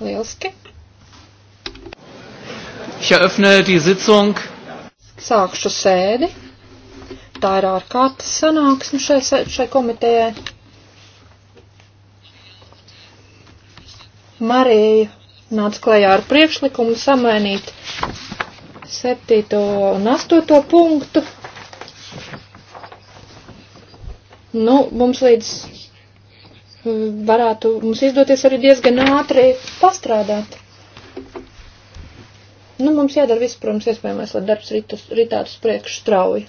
Lieliski. Ich eröffne die Sitzung. Sākšu sēdi. Tā ir ārkārtas sanāksme šai, šai komitejai. Marija nāca klajā ar priekšlikumu samainīt 7. un 8. punktu. Nu, mums līdz varētu mums izdoties arī diezgan ātri pastrādāt. Nu, mums jādara viss, protams, iespējamais, lai darbs ritus, ritātu uz priekšu strauji.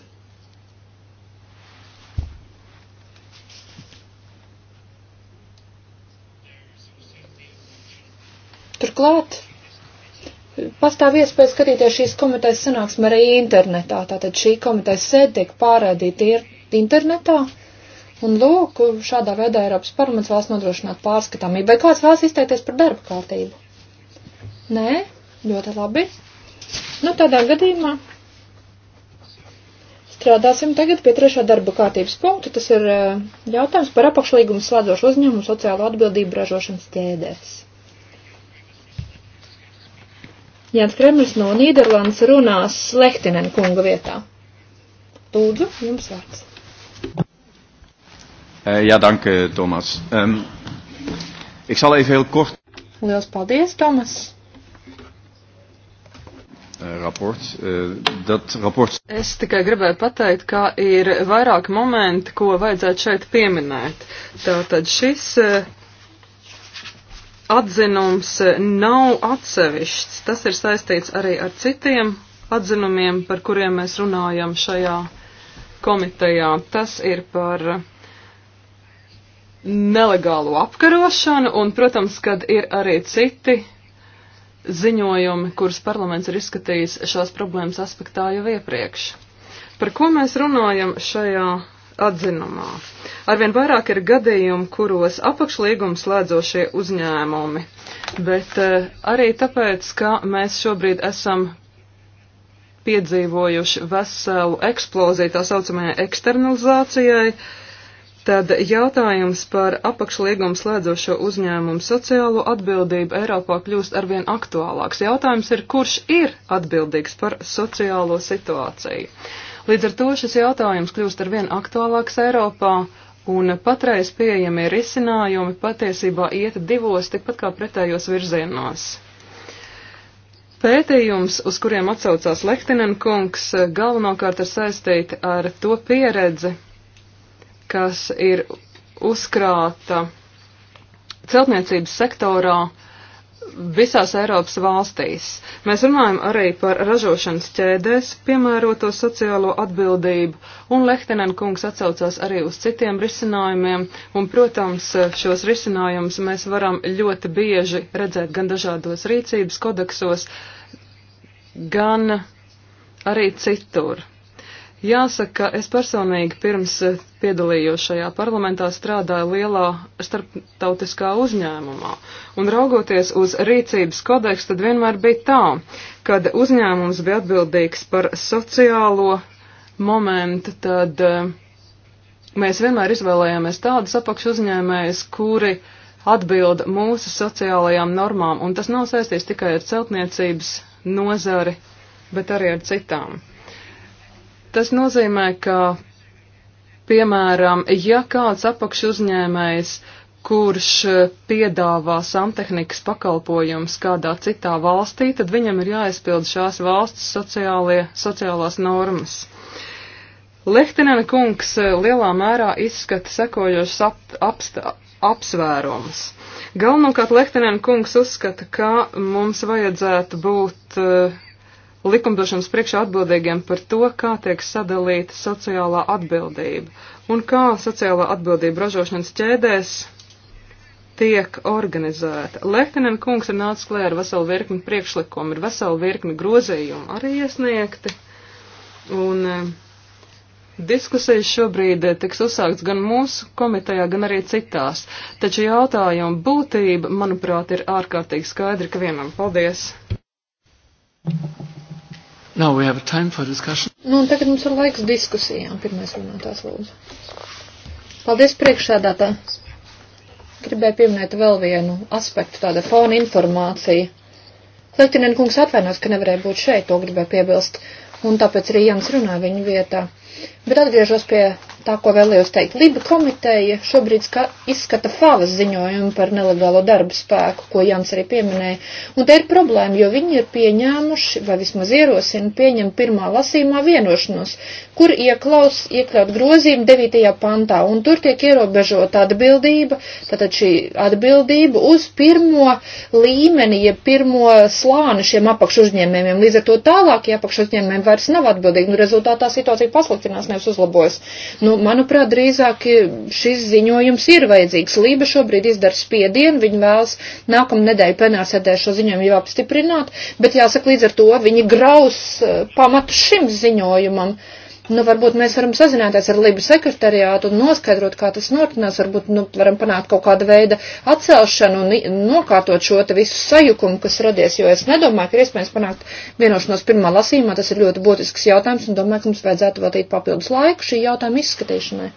Turklāt pastāv iespēja skatīties šīs komitejas sanāksmē arī internetā. Tātad šī komitejas sēde tiek pārādīta internetā. Uh, Un lūk, šādā veidā Eiropas parlaments vēlas nodrošināt pārskatāmību. Vai kāds vēlas izteikties par darba kārtību? Nē, ļoti labi. Nu, tādā gadījumā strādāsim tagad pie trešā darba kārtības punkta. Tas ir eh, jautājums par apakšlīgumu slēdzošu uzņēmumu sociālo atbildību ražošanas ķēdēs. Jānis Kremlis no Nīderlandes runās Lehtinen kunga vietā. Lūdzu, jums vārds. Uh, eh, jā, dank, eh, Tomas. Um, ehm, ik zal even heel kort. Liels paldies, Tomas. Uh, eh, rapport. Uh, dat rapport. Es tikai gribēju pateikt, ka ir vairāki momenti, ko vajadzētu šeit pieminēt. Tātad šis uh, atzinums nav atsevišķs. Tas ir saistīts arī ar citiem atzinumiem, par kuriem mēs runājam šajā komitejā. Tas ir par nelegālo apkarošanu, un, protams, kad ir arī citi ziņojumi, kurus parlaments ir izskatījis šās problēmas aspektā jau iepriekš. Par ko mēs runājam šajā atzinumā? Arvien vairāk ir gadījumi, kuros apakšlīgums slēdzošie uzņēmumi, bet eh, arī tāpēc, ka mēs šobrīd esam piedzīvojuši veselu eksploziju tā saucamajai eksternalizācijai, uh, Tad jautājums par apakšliegumu slēdzošo uzņēmumu sociālo atbildību Eiropā kļūst arvien aktuālāks. Jautājums ir, kurš ir atbildīgs par sociālo situāciju? Līdz ar to šis jautājums kļūst arvien aktuālāks Eiropā, un patreiz pieejamie risinājumi patiesībā iet divos tikpat kā pretējos virzienos. Pētījums, uz kuriem atsaucās Lehtinen kungs, galvenokārt ir saistīti ar to pieredzi, kas ir uzkrāta celtniecības sektorā visās Eiropas valstīs. Mēs runājam arī par ražošanas ķēdēs piemēroto sociālo atbildību, un Lehtenen kungs atsaucās arī uz citiem risinājumiem, un, protams, šos risinājumus mēs varam ļoti bieži redzēt gan dažādos rīcības kodeksos, gan arī citur. Jāsaka, es personīgi pirms eh, piedalījos šajā parlamentā strādāju lielā starptautiskā uzņēmumā, un raugoties uz rīcības kodeksu, tad vienmēr bija tā, kad uzņēmums bija atbildīgs par sociālo momentu, tad eh, mēs vienmēr izvēlējāmies tādus apakšu uzņēmējus, kuri atbild mūsu sociālajām normām, un tas nav saistīts tikai ar celtniecības nozari, bet arī ar citām. Tas nozīmē, ka, piemēram, ja kāds apakš uzņēmējs kurš piedāvā samtehnikas pakalpojums kādā citā valstī, tad viņam ir jāizpild šās valsts sociālie, sociālās normas. Lehtinēna kungs lielā mērā izskata sekojošas ap, apstā, apsvērums. Galvenokārt Lehtinēna kungs uzskata, ka mums vajadzētu būt uh, likumdošanas priekšā atbildīgiem par to, kā tiek sadalīta sociālā atbildība un kā sociālā atbildība ražošanas ķēdēs tiek organizēta. Lehtinen kungs ir nācis klē ar veselu virkni priekšlikumu, ir veselu virkni grozījumu arī iesniegti. Un e, diskusijas šobrīd e, tiks uzsākts gan mūsu komitejā, gan arī citās. Taču jautājuma būtība, manuprāt, ir ārkārtīgi skaidra, ka vienam paldies. Now we have time for discussion. Nu, un tagad mums ir laiks diskusijām. Pirmais runātājs lūdzu. Paldies priekšsēdātā. Gribēju pieminēt vēl vienu aspektu, tāda fona informācija. Lektinien kungs atvainos, ka nevarēja būt šeit, to gribēju piebilst, un tāpēc arī Jans runā viņa vietā. Bet atgriežos pie tā, ko vēlējos teikt. Liba komiteja šobrīd ska, izskata fāvas ziņojumu par nelegālo darbu spēku, ko Jans arī pieminēja. Un te ir problēma, jo viņi ir pieņēmuši, vai vismaz ierosina, pieņem pirmā lasīmā vienošanos, kur ieklaus, iekļaut grozījumu 9. pantā, un tur tiek ierobežota atbildība, tātad šī atbildība uz pirmo līmeni, ja pirmo slāni šiem apakšuzņēmējiem. Līdz ar to tālāk, ja apakšuzņēmējiem vairs nav atbildīgi, nu rezultātā situācija pasliktinās pasliktinās, nevis uzlabojas. Nu, manuprāt, drīzāk šis ziņojums ir vajadzīgs. Lība šobrīd izdara spiedienu, viņi vēlas nākamā nedēļa plenārsēdē šo ziņojumu jau apstiprināt, bet jāsaka līdz ar to viņi graus eh, pamatu šim ziņojumam. Uh, Nu, varbūt mēs varam sazināties ar Libu sekretariātu un noskaidrot, kā tas notinās. Varbūt nu, varam panākt kaut kādu veidu atcelšanu un nokārtot šo te visu sajukumu, kas radies, jo es nedomāju, ka ir iespējams panākt vienošanos pirmā lasījumā. Tas ir ļoti būtisks jautājums un domāju, ka mums vajadzētu veltīt papildus laiku šī jautājuma izskatīšanai.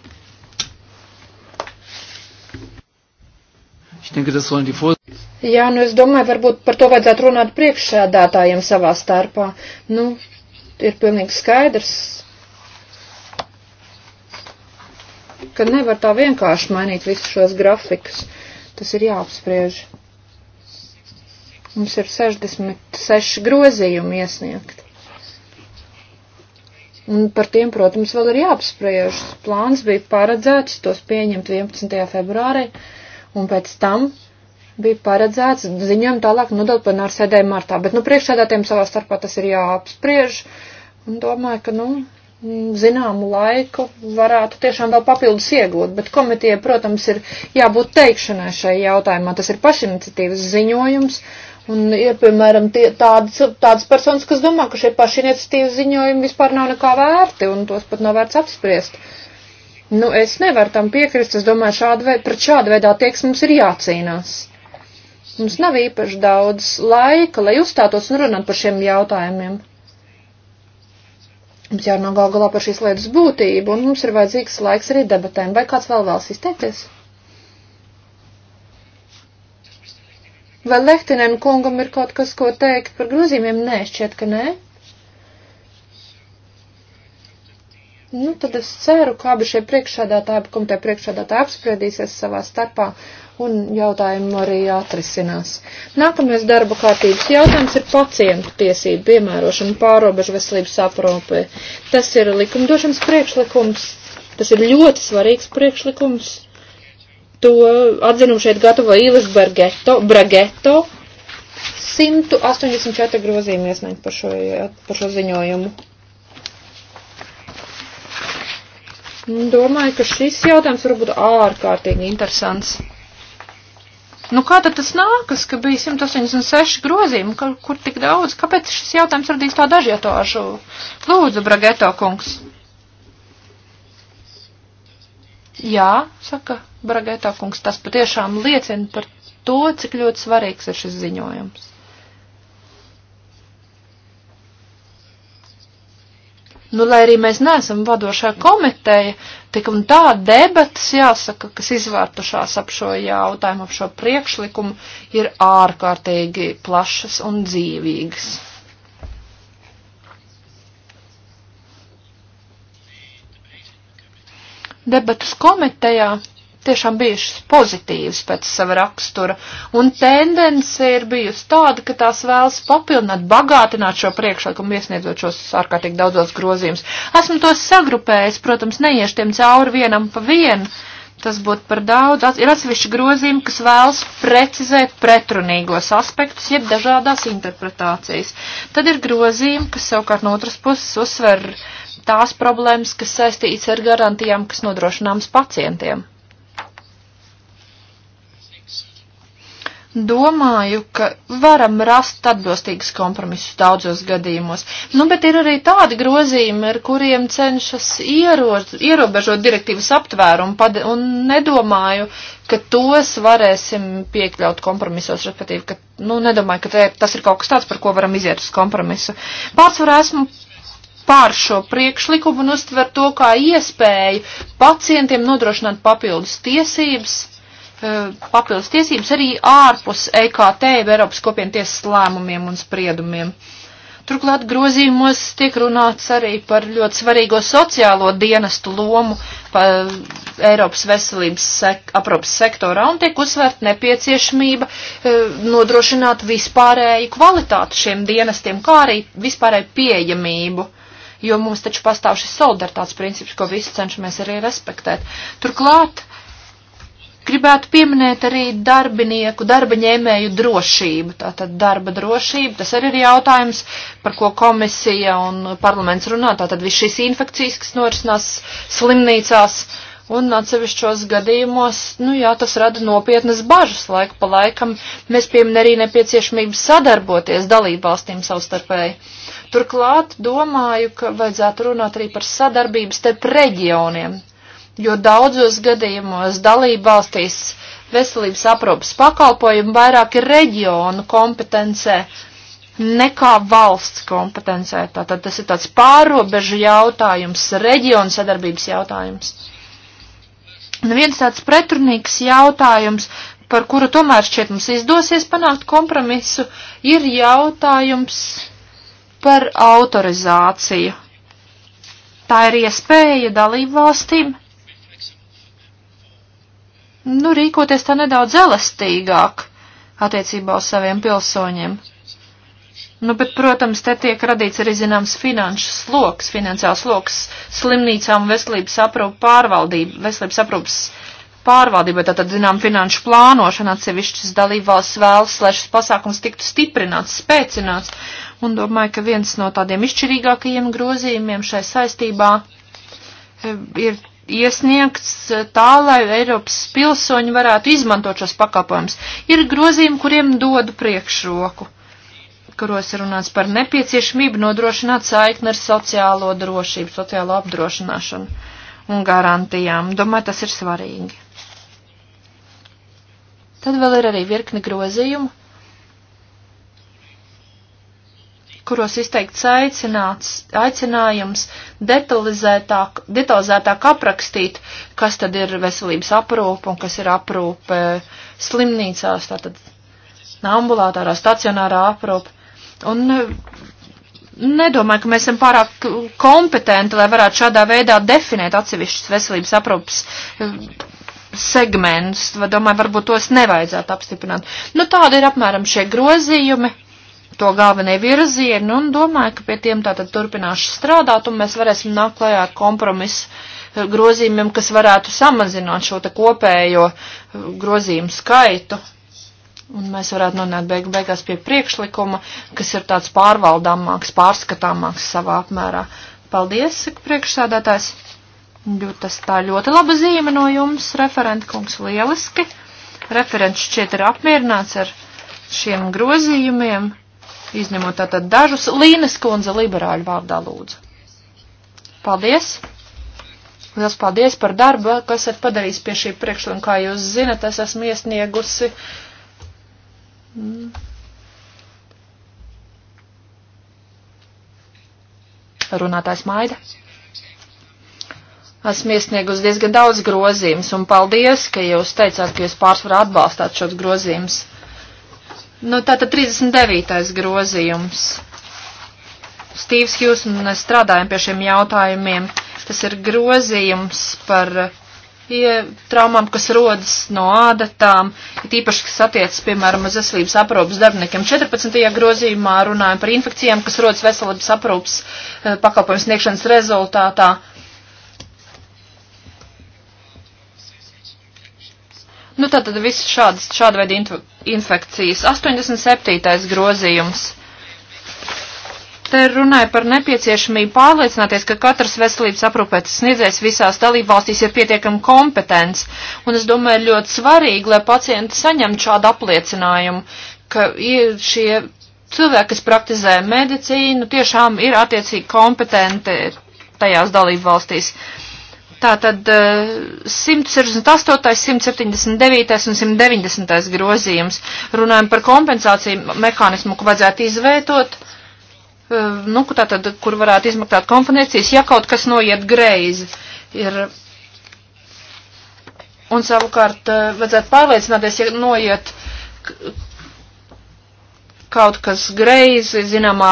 Jā, nu es domāju, varbūt par to vajadzētu runāt priekšsēdētājiem savā starpā. Nu, ir pilnīgi skaidrs, ka nevar tā vienkārši mainīt visus šos grafikus. Tas ir jāapspriež. Mums ir 66 grozījumi iesniegt. Un par tiem, protams, vēl ir jāapspriež. Plāns bija paredzēts tos pieņemt 11. februārī, un pēc tam bija paredzēts ziņojumu tālāk nodot plenāru sēdē martā. Bet, nu, priekšsēdētiem savā starpā tas ir jāapspriež. Un domāju, ka, nu, Mm, zināmu laiku varētu tiešām vēl papildus iegūt, bet komitē, protams, ir jābūt teikšanai šai jautājumā. Tas ir pašiniciatīvas ziņojums, un ir, piemēram, tie, tādas, tādas personas, kas domā, ka šie pašiniciatīvas ziņojumi vispār nav nekā vērti, un tos pat nav vērts apspriest. Nu, es nevaru tam piekrist, es domāju, šādu veidu, pret šādu veidā tieks mums ir jācīnās. Mums nav īpaši daudz laika, lai uzstātos un runātu par šiem jautājumiem. Mums jārunā gal galā par šīs lietas būtību, un mums ir vajadzīgs laiks arī debatēm. Vai kāds vēl vēlas izteikties? Vai Lehtinen kungam ir kaut kas, ko teikt par grozījumiem? Nē, šķiet, ka nē. Nu, tad es ceru, kā abi šie priekšsādātāji, kam te priekšsādātāji apspriedīsies savā starpā un jautājumu arī atrisinās. Nākamais darba kārtības jautājums ir pacientu tiesību piemērošana pārobežu veselības aprūpē. Tas ir likumdošanas priekšlikums, tas ir ļoti svarīgs priekšlikums. To atzinumu šeit gatavo Īlis Brageto. 184 grozījumi iesniegt par šo, par šo ziņojumu. Domāju, ka šis jautājums varbūt ārkārtīgi interesants. Nu, kā tad tas nākas, ka bija 186 grozījumi, ka, kur tik daudz? Kāpēc šis jautājums radīs tādu ažiotāžu? Lūdzu, Brageto kungs. Jā, saka Brageto kungs, tas patiešām liecina par to, cik ļoti svarīgs ir šis ziņojums. Nu, lai arī mēs neesam vadošā komiteja, tik un tā debatas, jāsaka, kas izvērtušās ap šo jautājumu, ap šo priekšlikumu, ir ārkārtīgi plašas un dzīvīgas. Debatas komitejā tiešām bijušas pozitīvas pēc sava rakstura, un tendence ir bijusi tāda, ka tās vēlas papildināt, bagātināt šo priekšlikumu, iesniedzot šos ārkārtīgi daudzos grozījumus. Esmu tos sagrupējis, protams, neiešu tiem cauri vienam pa vienu, tas būtu par daudz. Ir atsevišķi grozījumi, kas vēlas precizēt pretrunīgos aspektus, jeb dažādās interpretācijas. Tad ir grozījumi, kas savukārt no otras puses uzsver tās problēmas, kas saistīts ar garantijām, kas nodrošināmas pacientiem. domāju, ka varam rast atbilstīgus kompromisus daudzos gadījumos. Nu, bet ir arī tādi grozījumi, ar kuriem cenšas ierož, ierobežot direktīvas aptvērumu, un, un nedomāju, ka tos varēsim piekļaut kompromisos, respektīvi, ka, nu, nedomāju, ka te, tas ir kaut kas tāds, par ko varam iziet uz kompromisu. Pārsvarā esmu pār šo priekšlikumu un uztver to kā iespēju pacientiem nodrošināt papildus tiesības Eh, papildus tiesības arī ārpus EKT Eiropas kopienu tiesas lēmumiem un spriedumiem. Turklāt grozījumos tiek runāts arī par ļoti svarīgo sociālo dienestu lomu Eiropas veselības sek aprops sektorā un tiek uzsvērt nepieciešamība e, nodrošināt vispārēju kvalitāti šiem dienestiem, kā arī vispārēju pieejamību jo mums taču pastāv šis solidaritātes princips, ko visi cenšamies arī respektēt. Turklāt Gribētu pieminēt arī darbinieku, darba ņēmēju drošību. Tātad darba drošība, tas arī ir jautājums, par ko komisija un parlaments runā. Tātad viss šīs infekcijas, kas norisinās slimnīcās un atsevišķos gadījumos, nu jā, tas rada nopietnas bažas laiku pa laikam. Mēs piemin arī nepieciešamību sadarboties dalībvalstīm savstarpēji. Turklāt domāju, ka vajadzētu runāt arī par sadarbību starp reģioniem jo daudzos gadījumos dalība valstīs veselības aprūpas pakalpojumi vairāk ir reģionu kompetencē nekā valsts kompetencē. Tātad tas ir tāds pārobežu jautājums, reģionu sadarbības jautājums. Un nu, viens tāds pretrunīgs jautājums, par kuru tomēr šķiet mums izdosies panākt kompromisu, ir jautājums par autorizāciju. Tā ir iespēja dalību valstīm nu, rīkoties tā nedaudz elastīgāk attiecībā uz saviem pilsoņiem. Nu, bet, protams, te tiek radīts arī zināms finanšu sloks, finansiāls sloks slimnīcām veselības aprūpu pārvaldību, veselības aprūpas pārvaldībai, tātad, zinām, finanšu plānošana atsevišķas dalībvalsts vēlas, lai šis pasākums tiktu stiprināts, spēcināts, un domāju, ka viens no tādiem izšķirīgākajiem grozījumiem šai saistībā eh, ir iesniegts eh, tā, lai Eiropas pilsoņi varētu izmantot šos pakalpojumus. Ir grozījumi, kuriem dodu priekšroku, kuros ir runāts par nepieciešamību nodrošināt saikni ar sociālo drošību, sociālo apdrošināšanu un garantijām. Domāju, tas ir svarīgi. Tad vēl ir arī virkni grozījumu, kuros izteikts aicinājums detalizētāk, detalizētāk aprakstīt, kas tad ir veselības aprūpe un kas ir aprūpe slimnīcās, tātad ambulātārā, stacionārā aprūpe. Un eh, nedomāju, ka mēs esam pārāk kompetenti, lai varētu šādā veidā definēt atsevišķus veselības aprūpas eh, segmentus. Domāju, varbūt tos nevajadzētu apstiprināt. Nu, tādi ir apmēram šie grozījumi to galvenie virzieni un domāju, ka pie tiem tātad turpināšu strādāt un mēs varēsim nākt klajā ar kompromisu eh, grozījumiem, kas varētu samazināt šo te kopējo eh, grozījumu skaitu. Un mēs varētu nonākt beigu beigās pie priekšlikuma, kas ir tāds pārvaldāmāks, pārskatāmāks savā apmērā. Paldies, saka priekšsādātājs. Tas tā ļoti laba zīme no jums, referenta kungs, lieliski. Referents šķiet ir apmierināts ar šiem grozījumiem izņemot tātad dažus. Līnes kundze liberāļu vārdā lūdzu. Paldies! Liels paldies par darbu, ko esat padarījis pie šī priekšlikuma. Kā jūs zinat, es esmu iesniegusi. Mm, runātājs Maida. Esmu iesniegusi diezgan daudz grozījumus, un paldies, ka jūs teicāt, ka jūs pārsvarā atbalstāt šos grozījumus. Nu, tātad 39. grozījums. Stīvs Hjūs un es strādājam pie šiem jautājumiem. Tas ir grozījums par ja, traumām, kas rodas no ādatām, ir īpaši, kas attiecas, piemēram, uz veselības aprūpas darbiniekiem. 14. grozījumā runājam par infekcijām, kas rodas veselības aprūpas eh, pakalpojums sniegšanas rezultātā. Uh, Nu, tātad viss šādas, šāda veida infekcijas. 87. grozījums. Te runāja par nepieciešamību pārliecināties, ka katrs veselības aprūpētas sniedzējs visās dalībvalstīs ir pietiekami kompetents. Un es domāju, ļoti svarīgi, lai pacienti saņemtu šādu apliecinājumu, ka šie cilvēki, kas praktizē medicīnu, tiešām ir attiecīgi kompetenti tajās dalībvalstīs. valstīs. Tātad 168, eh, 179 un 190 grozījums. Runājam par kompensāciju mehānismu, ko vajadzētu izvietot, eh, nu, tātad, kur varētu izmaksāt konferencijas, ja kaut kas noiet greizi. Ir. Un savukārt eh, vajadzētu pārliecināties, ja noiet kaut kas greizi, zināmā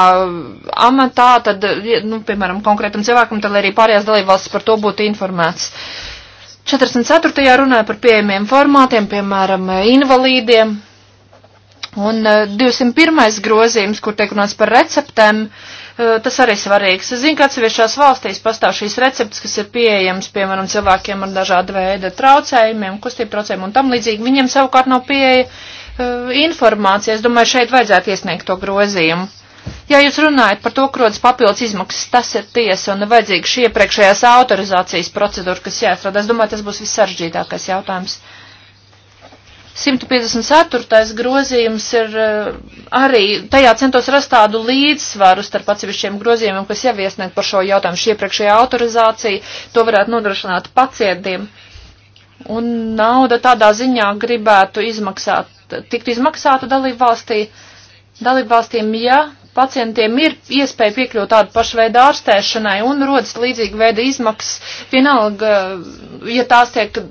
amatā, tad, nu, piemēram, konkrētam cilvēkam, tad arī pārējās dalībvalstis par to būtu informēts. 44. runāja par pieejamiem formātiem, piemēram, invalīdiem. Un 201. Eh, grozījums, kur tiek runāts par receptēm, eh, tas arī svarīgs. Es zinu, ka atsevišķās valstīs pastāv šīs receptes, kas ir pieejamas, piemēram, cilvēkiem ar dažādu veidu traucējumiem, kustību traucējumiem un tam līdzīgi. Viņiem savukārt nav pieeja Eh, informācija. Es domāju, šeit vajadzētu iesniegt to grozījumu. Ja jūs runājat par to, krodas papildus izmaksas, tas ir tiesa un vajadzīga šī iepriekšējās autorizācijas procedūra, kas jāstrādā. Es domāju, tas būs vissaržģītākais jautājums. 154. grozījums ir eh, arī, tajā centos rast tādu līdzsvaru starp atsevišķiem grozījumiem, kas jau iesniegt par šo jautājumu. Šī iepriekšējā autorizācija to varētu nodrošināt pacientiem. Un nauda tādā ziņā gribētu izmaksāt tiktu izmaksāta dalību valstī, dalību valstīm, ja pacientiem ir iespēja piekļūt tādu pašu veidu ārstēšanai un rodas līdzīga veida izmaksas, vienalga, ja tās tiek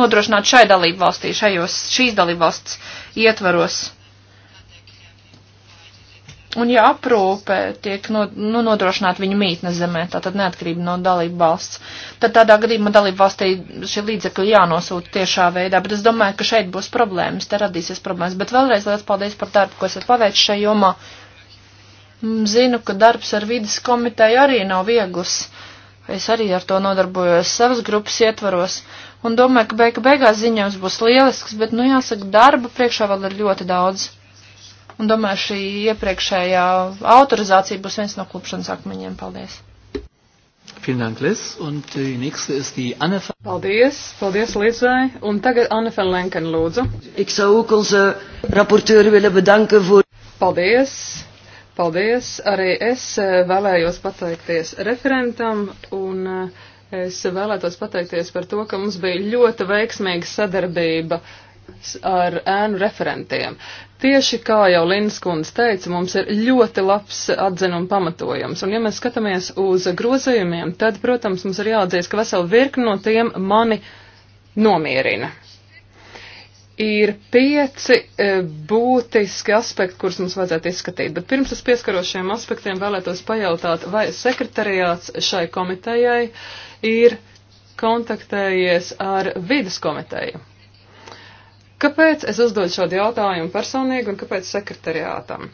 nodrošināt šai dalību valstī, šajos šīs dalību valsts ietvaros. Un ja aprūpe tiek no, nu, nodrošināta viņu mītnes zemē, tātad neatkarība no dalību valsts, tad tādā gadījumā dalību valstī šie līdzekļi jānosūta tiešā veidā, bet es domāju, ka šeit būs problēmas, te radīsies problēmas. Bet vēlreiz liels paldies par darbu, ko esat paveicis šajā jomā. Mm, zinu, ka darbs ar vidas komiteju arī nav viegls. Es arī ar to nodarbojos savas grupas ietvaros un domāju, ka beiga beigās ziņojums būs lielisks, bet, nu jāsaka, darba priekšā vēl ir ļoti daudz un domāju, šī iepriekšējā autorizācija būs viens no klupšanas akmeņiem. Paldies! Vielen Dank, Liz. Und die nächste ist die Anne van... Paldies, paldies Lizai. Un tagad Anne van Lenken, lūdzu. Ik zou ook onze rapporteur willen bedanken voor... Paldies, paldies. Arī es eh, vēlējos pateikties referentam un eh, es vēlētos pateikties par to, ka mums bija ļoti veiksmīga sadarbība ar ēnu referentiem. Tieši kā jau Linas kundze teica, mums ir ļoti labs atzinuma pamatojums, un ja mēs skatāmies uz grozījumiem, tad, protams, mums ir jāatdzīst, ka vesela virkni no tiem mani nomierina. Ir pieci e, būtiski aspekti, kurus mums vajadzētu izskatīt, bet pirms es pieskaros šiem aspektiem vēlētos pajautāt, vai sekretariāts šai komitejai ir kontaktējies ar vidas komiteju. Kāpēc es uzdodu šādu jautājumu personīgi un kāpēc sekretariātam?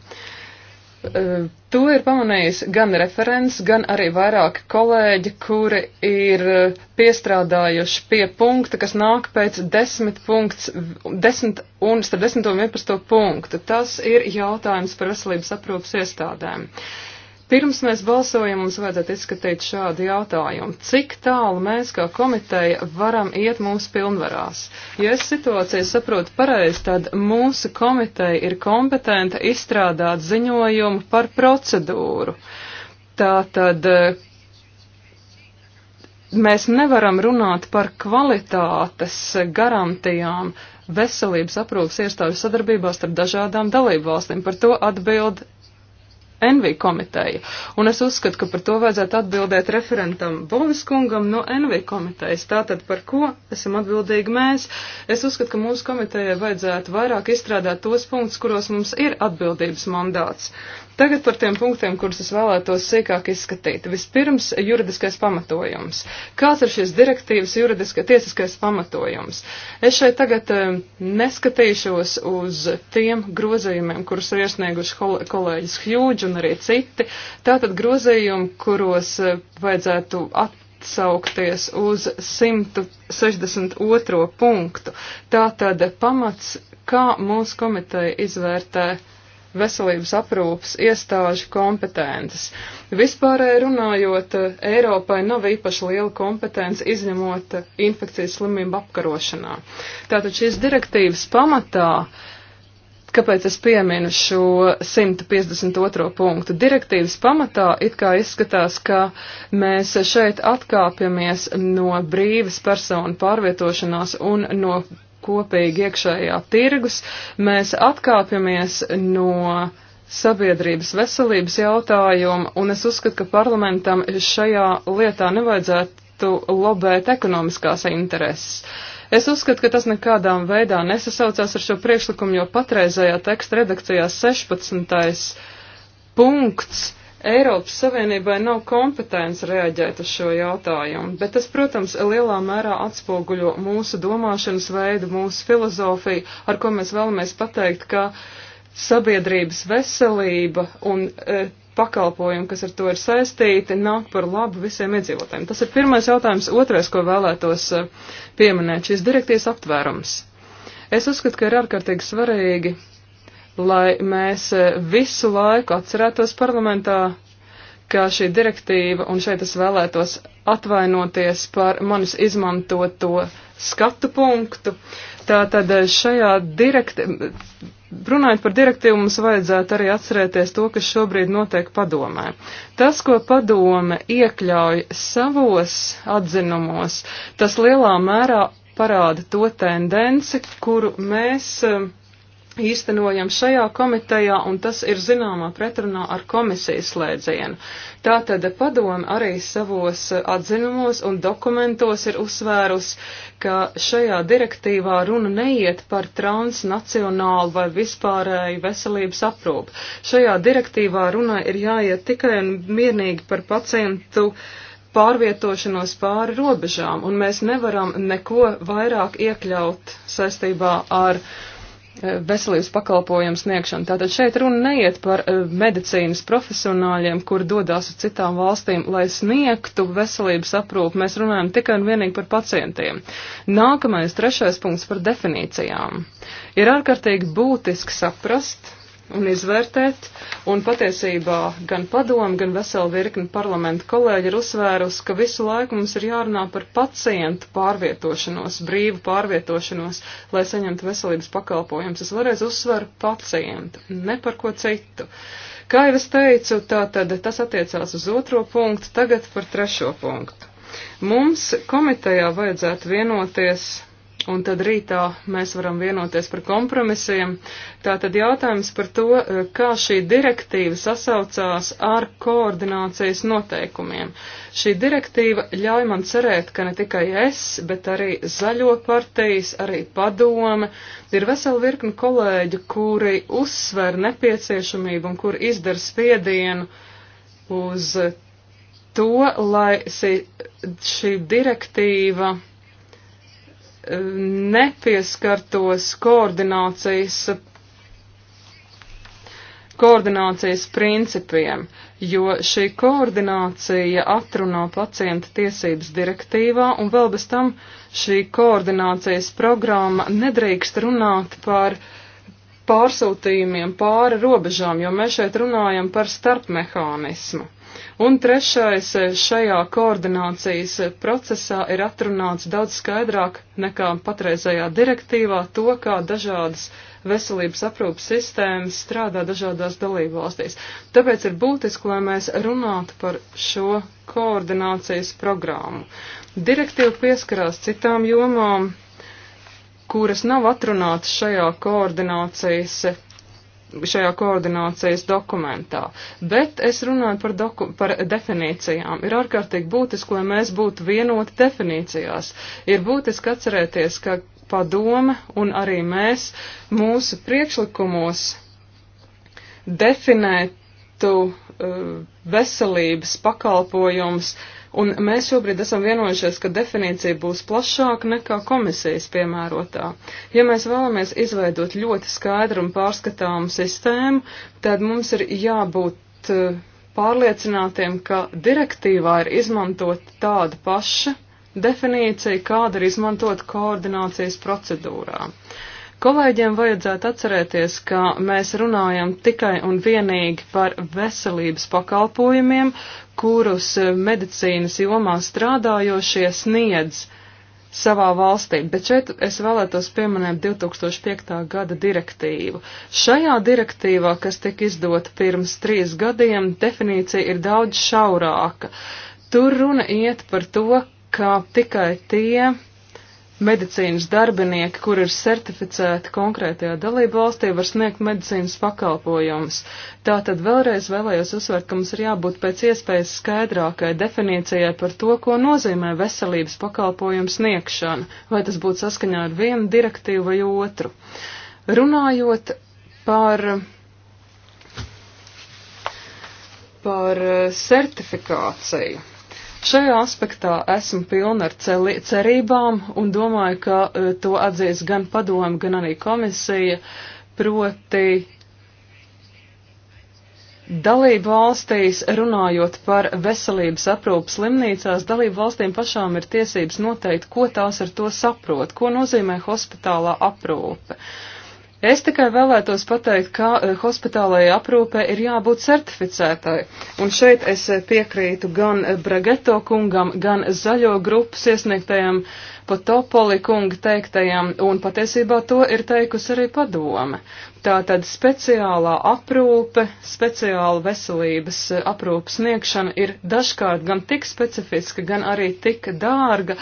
E, to ir pamanījis gan referents, gan arī vairāki kolēģi, kuri ir piestrādājuši pie punkta, kas nāk pēc 10, punkts, 10 un starp 10 un 11 punktu. Tas ir jautājums par veselības aprūpas iestādēm. Uh, Pirms mēs balsojam, mums vajadzētu izskatīt šādu jautājumu. Cik tālu mēs kā komiteja varam iet mūsu pilnvarās? Ja es situāciju saprotu pareizi, tad mūsu komiteja ir kompetenta izstrādāt ziņojumu par procedūru. Tātad eh, mēs nevaram runāt par kvalitātes garantijām veselības aprūpas iestāžu sadarbībā starp dažādām dalību valstīm. Par to atbild NV komiteja. Un es uzskatu, ka par to vajadzētu atbildēt referentam Bovis kungam no NV komitejas. Tātad par ko esam atbildīgi mēs? Es uzskatu, ka mūsu komitejai vajadzētu vairāk izstrādāt tos punktus, kuros mums ir atbildības mandāts. Tagad par tiem punktiem, kurus es vēlētos sīkāk izskatīt. Vispirms, juridiskais pamatojums. Kāds ir šīs direktīvas juridiskais, tiesiskais pamatojums? Es šeit tagad eh, neskatīšos uz tiem grozījumiem, kurus ir iesnieguši kolēģis Hjūģi un arī citi. Tātad grozījumi, kuros eh, vajadzētu atpakaļ atsaukties uz 162. punktu. Tātad pamats, kā mūsu komiteja izvērtē veselības aprūpas iestāžu kompetences. Vispārēji runājot, Eiropai nav īpaši liela kompetence izņemot infekcijas slimību apkarošanā. Tātad šīs direktīvas pamatā kāpēc es pieminu šo 152. punktu. Direktīvas pamatā it kā izskatās, ka mēs šeit atkāpjamies no brīvas personu pārvietošanās un no kopīgi iekšējā tirgus, mēs atkāpjamies no sabiedrības veselības jautājumu, un es uzskatu, ka parlamentam šajā lietā nevajadzētu lobēt ekonomiskās intereses. Es uzskatu, ka tas nekādām veidā nesasaucās ar šo priekšlikumu, jo patreizējā teksta redakcijā 16. punkts Eiropas Savienībai nav kompetence reaģēt uz šo jautājumu, bet tas, protams, lielā mērā atspoguļo mūsu domāšanas veidu, mūsu filozofiju, ar ko mēs vēlamies pateikt, ka sabiedrības veselība un e, pakalpojumi, kas ar to ir saistīti, nāk par labu visiem iedzīvotājiem. Tas ir pirmais jautājums. Otrais, ko vēlētos e, pieminēt, šīs direktīvas aptvērums. Es uzskatu, ka ir ārkārtīgi svarīgi lai mēs e, visu laiku atcerētos parlamentā, ka šī direktīva, un šeit es vēlētos atvainoties par manis izmantoto skatu punktu, tātad šajā direktīvā, runājot par direktīvu, mums vajadzētu arī atcerēties to, kas šobrīd notiek padomē. Tas, ko padome iekļauj savos atzinumos, tas lielā mērā parāda to tendenci, kuru mēs uh, īstenojam šajā komitejā, un tas ir zināmā pretrunā ar komisijas slēdzienu. Tātad padome arī savos atzinumos un dokumentos ir uzsvērus, ka šajā direktīvā runa neiet par transnacionālu vai vispārēju veselības aprūpu. Šajā direktīvā runa ir jāiet tikai un miernīgi par pacientu pārvietošanos pāri robežām, un mēs nevaram neko vairāk iekļaut saistībā ar uh, Eh, veselības pakalpojumu sniegšanu. Tātad šeit runa neiet par eh, medicīnas profesionāļiem, kur dodas uz citām valstīm, lai sniegtu veselības aprūpu. Mēs runājam tikai un vienīgi par pacientiem. Nākamais, trešais punkts par definīcijām. Ir ārkārtīgi būtiski saprast, un izvērtēt, un patiesībā gan padomu, gan veselu virkni parlamentu kolēģi ir uzsvērusi, ka visu laiku mums ir jārunā par pacientu pārvietošanos, brīvu pārvietošanos, lai saņemtu veselības pakalpojumus. Es vēlreiz uzsveru pacientu, ne par ko citu. Kā jau es teicu, tā tad tas attiecās uz otro punktu, tagad par trešo punktu. Mums komitejā vajadzētu vienoties un tad rītā mēs varam vienoties par kompromisiem. Tātad jautājums par to, eh, kā šī direktīva sasaucās ar koordinācijas noteikumiem. Šī direktīva ļauj man cerēt, ka ne tikai es, bet arī zaļo partijas, arī padome, ir vesela virkni kolēģu, kuri uzsver nepieciešamību un kuri izdara spiedienu uz to, lai šī direktīva nepieskartos koordinācijas, koordinācijas principiem, jo šī koordinācija atrunā pacienta tiesības direktīvā un vēl bez tam šī koordinācijas programma nedrīkst runāt par pārsūtījumiem pāri robežām, jo mēs šeit runājam par starpmehānismu. Un trešais, eh, šajā koordinācijas procesā ir atrunāts daudz skaidrāk nekā patreizajā direktīvā to, kā dažādas veselības aprūpas sistēmas strādā dažādās dalībvalstīs. Tāpēc ir būtiski, lai mēs runātu par šo koordinācijas programmu. Direktīva pieskarās citām jomām, kuras nav atrunātas šajā koordinācijas šajā koordinācijas dokumentā. Bet es runāju par, doku, par definīcijām. Ir ārkārtīgi būtiski, lai mēs būtu vienoti definīcijās. Ir būtiski atcerēties, ka padome un arī mēs mūsu priekšlikumos definētu uh, veselības pakalpojums uh, Un mēs šobrīd esam vienojušies, ka definīcija būs plašāka nekā komisijas piemērotā. Ja mēs vēlamies izveidot ļoti skaidru un pārskatāmu sistēmu, tad mums ir jābūt eh, pārliecinātiem, ka direktīvā ir izmantot tāda paša definīcija, kāda ir izmantot koordinācijas procedūrā. Uh, Kolēģiem vajadzētu atcerēties, ka mēs runājam tikai un vienīgi par veselības pakalpojumiem, kurus medicīnas jomā strādājošie sniedz savā valstī, bet šeit es vēlētos pieminēt 2005. gada direktīvu. Šajā direktīvā, kas tika izdota pirms trīs gadiem, definīcija ir daudz šaurāka. Tur runa iet par to, ka tikai tie medicīnas darbinieki, kur ir certificēti konkrētajā dalību valstī, var sniegt medicīnas pakalpojumus. Tātad vēlreiz vēlējos uzsvērt, ka mums ir jābūt pēc iespējas skaidrākai definīcijai par to, ko nozīmē veselības pakalpojumu sniegšana, vai tas būtu saskaņā ar vienu direktīvu vai otru. Runājot par par eh, certifikāciju. Šajā aspektā esmu pilna ar cerībām un domāju, ka e, to atzīs gan padomu, gan arī komisija, proti Dalību valstīs, runājot par veselības aprūpas slimnīcās, dalību valstīm pašām ir tiesības noteikt, ko tās ar to saprot, ko nozīmē hospitālā aprūpe. Uh, Es tikai vēlētos pateikt, ka eh, hospitālajai aprūpē ir jābūt certificētai. Un šeit es eh, piekrītu gan eh, Brageto kungam, gan zaļo grupas iesniegtajam uh, Patopoli kunga teiktajam, un patiesībā to ir teikusi arī padome. Tātad speciālā aprūpe, speciāla veselības aprūpas sniegšana ir dažkārt gan tik specifiska, gan arī tik dārga,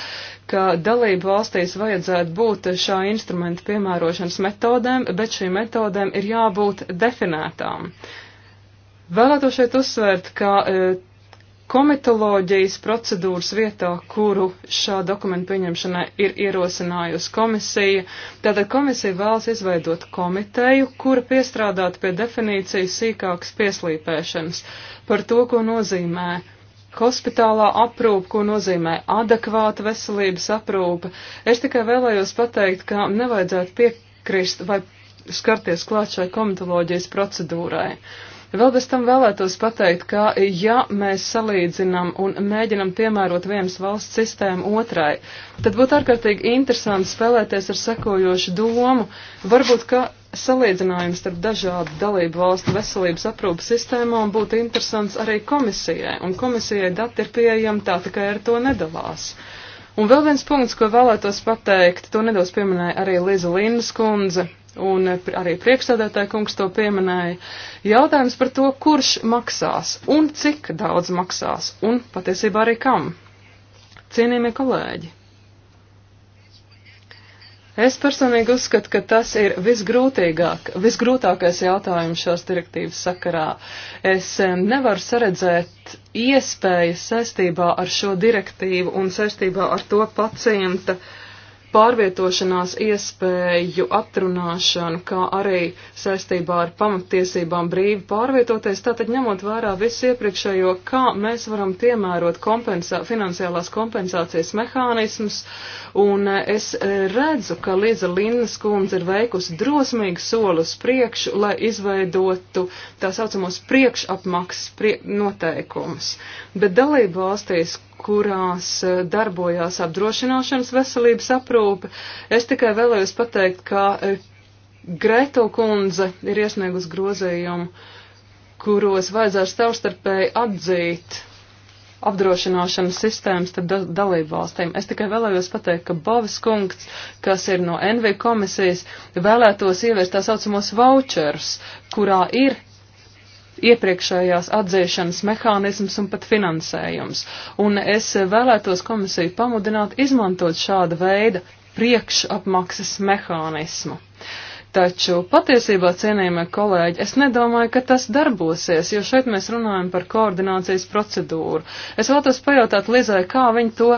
ka dalību valstīs vajadzētu būt šā instrumenta piemērošanas metodēm, bet šīm metodēm ir jābūt definētām. Vēlētu šeit uzsvērt, ka e, komitoloģijas procedūras vietā, kuru šā dokumenta pieņemšanai ir ierosinājusi komisija. Tātad komisija vēlas izveidot komiteju, kura piestrādāt pie definīcijas sīkākas pieslīpēšanas par to, ko nozīmē hospitālā aprūpe, ko nozīmē adekvāta veselības aprūpe. Es tikai vēlējos pateikt, ka nevajadzētu piekrist vai skarties klāt šai komitoloģijas procedūrai. Uh, Vēl bez tam vēlētos pateikt, ka ja mēs salīdzinām un mēģinam piemērot vienas valsts sistēmu otrai, tad būtu ārkārtīgi interesanti spēlēties ar sekojošu domu. Varbūt, ka salīdzinājums starp dažādu dalību valstu veselības aprūpas sistēmām būtu interesants arī komisijai, un komisijai dati ir pieejami tā tikai ar to nedalās. Un vēl viens punkts, ko vēlētos pateikt, to nedaudz pieminēja arī Liza Lindas kundze, un eh, arī priekšsēdētāja kungs to pieminēja. Jautājums par to, kurš maksās un cik daudz maksās un patiesībā arī kam. Cienījamie kolēģi! Es personīgi uzskatu, ka tas ir visgrūtīgāk, visgrūtākais jautājums šās direktīvas sakarā. Es eh, nevaru saredzēt iespējas saistībā ar šo direktīvu un saistībā ar to pacienta uh, pārvietošanās iespēju atrunāšanu, kā arī saistībā ar pamatiesībām brīvi pārvietoties, tātad ņemot vērā visu iepriekšējo, kā mēs varam piemērot kompensā, finansiālās kompensācijas mehānismus, un eh, es eh, redzu, ka Līza Linnas kundze ir veikusi drosmīgu soli uz priekšu, lai izveidotu tā saucamos priekšapmaksas prie noteikumus. Bet dalība valstīs, kurās e, darbojās apdrošināšanas veselības aprūpe. Es tikai vēlējos pateikt, ka e, Greto kundze ir iesniegus grozējumu, kuros vajadzēs savstarpēji atzīt apdrošināšanas sistēmas starp da dalību valstīm. Es tikai vēlējos pateikt, ka Bavas kungs, kas ir no NV komisijas, vēlētos ieviest tā saucamos voucherus, kurā ir iepriekšējās atzīšanas mehānisms un pat finansējums. Un es vēlētos komisiju pamudināt izmantot šāda veida priekšapmaksas mehānismu. Taču patiesībā, cienījamie kolēģi, es nedomāju, ka tas darbosies, jo šeit mēs runājam par koordinācijas procedūru. Es vēlos pajautāt Lizai, kā viņa to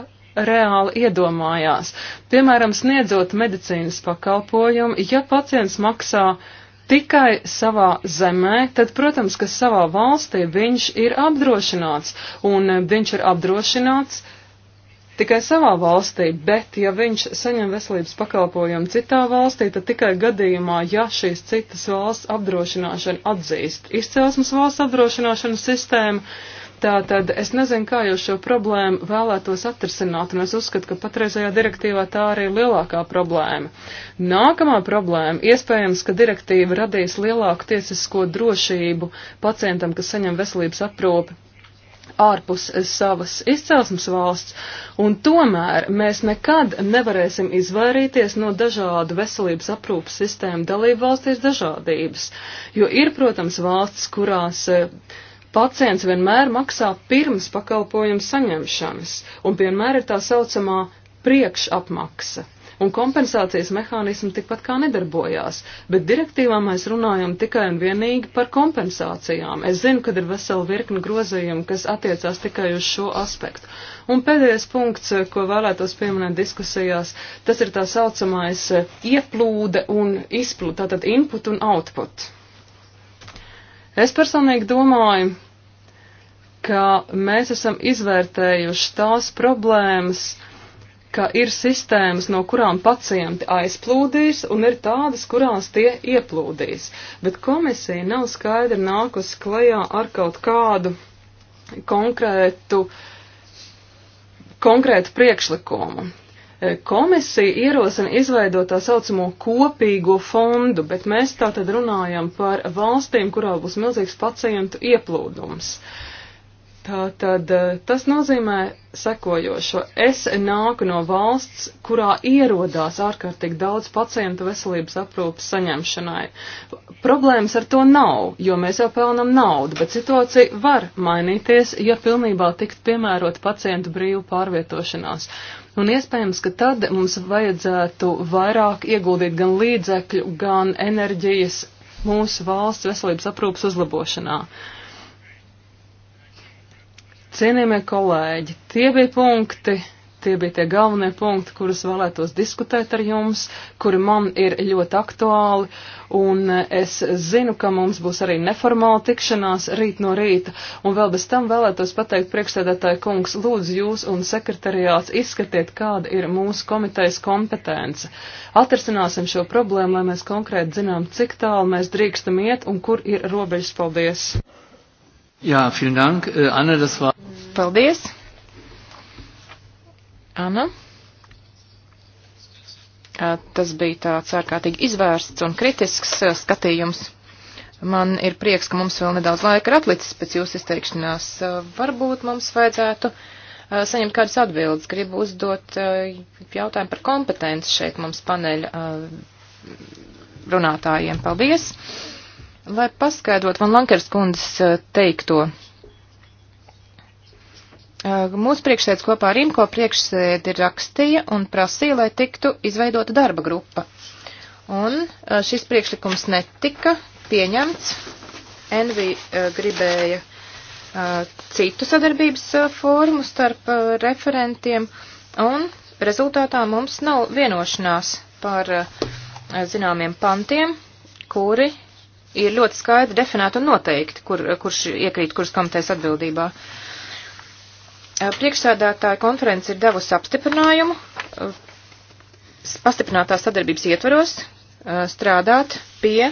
reāli iedomājās. Piemēram, sniedzot medicīnas pakalpojumu, ja pacients maksā uh, tikai savā zemē, tad, protams, ka savā valstī viņš ir apdrošināts, un eh, viņš ir apdrošināts tikai savā valstī, bet, ja viņš saņem veselības pakalpojumu citā valstī, tad tikai gadījumā, ja šīs citas valsts apdrošināšana atzīst izcelsmes valsts apdrošināšanas sistēmu, Tātad es nezinu, kā jūs šo problēmu vēlētos atrisināt, un es uzskatu, ka patreizajā direktīvā tā arī ir lielākā problēma. Nākamā problēma - iespējams, ka direktīva radīs lielāku tiesisko drošību pacientam, kas saņem veselības aprūpi ārpus savas izcelsmes valsts, un tomēr mēs nekad nevarēsim izvairīties no dažādu veselības aprūpas sistēmu dalību valstīs dažādības, jo ir, protams, valsts, kurās uh, Pacients vienmēr maksā pirms pakalpojuma saņemšanas, un vienmēr ir tā saucamā priekšapmaksa. Un kompensācijas mehānismi tikpat kā nedarbojās, bet direktīvā mēs runājam tikai un vienīgi par kompensācijām. Es zinu, ka ir vesela virkni grozījumu, kas attiecās tikai uz šo aspektu. Un pēdējais punkts, ko vēlētos pieminēt diskusijās, tas ir tā saucamais ieplūde un izplūde, tātad input un output. Es personīgi domāju, ka mēs esam izvērtējuši tās problēmas, ka ir sistēmas, no kurām pacienti aizplūdīs, un ir tādas, kurās tie ieplūdīs. Bet komisija nav skaidri nākusi klajā ar kaut kādu konkrētu, konkrētu priekšlikumu. Komisija ierosina izveidot tā saucamo kopīgo fondu, bet mēs tā tad runājam par valstīm, kurā būs milzīgs pacientu ieplūdums. Tātad eh, tas nozīmē sekojošo. Es nāku no valsts, kurā ierodās ārkārtīgi daudz pacientu veselības aprūpas saņemšanai. Problēmas ar to nav, jo mēs jau pelnam naudu, bet situācija var mainīties, ja pilnībā tikt piemērot pacientu brīvu pārvietošanās. Un iespējams, ka tad mums vajadzētu vairāk ieguldīt gan līdzekļu, gan enerģijas mūsu valsts veselības aprūpas uzlabošanā. Cienījamie kolēģi, tie bija punkti, Tie bija tie galvenie punkti, kurus vēlētos diskutēt ar jums, kuri man ir ļoti aktuāli, un e, es zinu, ka mums būs arī neformāla tikšanās rīt no rīta, un vēl bez tam vēlētos pateikt priekšsēdētāju kungs, lūdzu jūs un sekretariāts izskatiet, kāda ir mūsu komitejas kompetence. Atrasināsim šo problēmu, lai mēs konkrēti zinām, cik tālu mēs drīkstam iet un kur ir robežas. Paldies! Jā, vielen dank, Anna, das war. Paldies! Ana. Tas bija tāds ārkārtīgi izvērsts un kritisks skatījums. Man ir prieks, ka mums vēl nedaudz laika ir atlicis pēc jūsu izteikšanās. Varbūt mums vajadzētu saņemt kādas atbildes. Gribu uzdot jautājumu par kompetenci šeit mums paneļa runātājiem. Paldies! Lai paskaidrot Van Lankers kundzes teikto Eh, mūsu priekšsēdz kopā ar IMCO priekšsēdi rakstīja un prasīja, lai tiktu izveidota darba grupa. Un eh, šis priekšlikums netika pieņemts. Envi eh, gribēja citu sadarbības formu starp referentiem, un rezultātā mums nav vienošanās par zināmiem pantiem, kuri ir ļoti skaidri definēti un noteikti, kur, kurš iekrīt, kuras komitejas atbildībā. Uh, Eh, Priekšsādātāja konference ir devusi apstiprinājumu eh, pastiprinātās sadarbības ietvaros eh, strādāt pie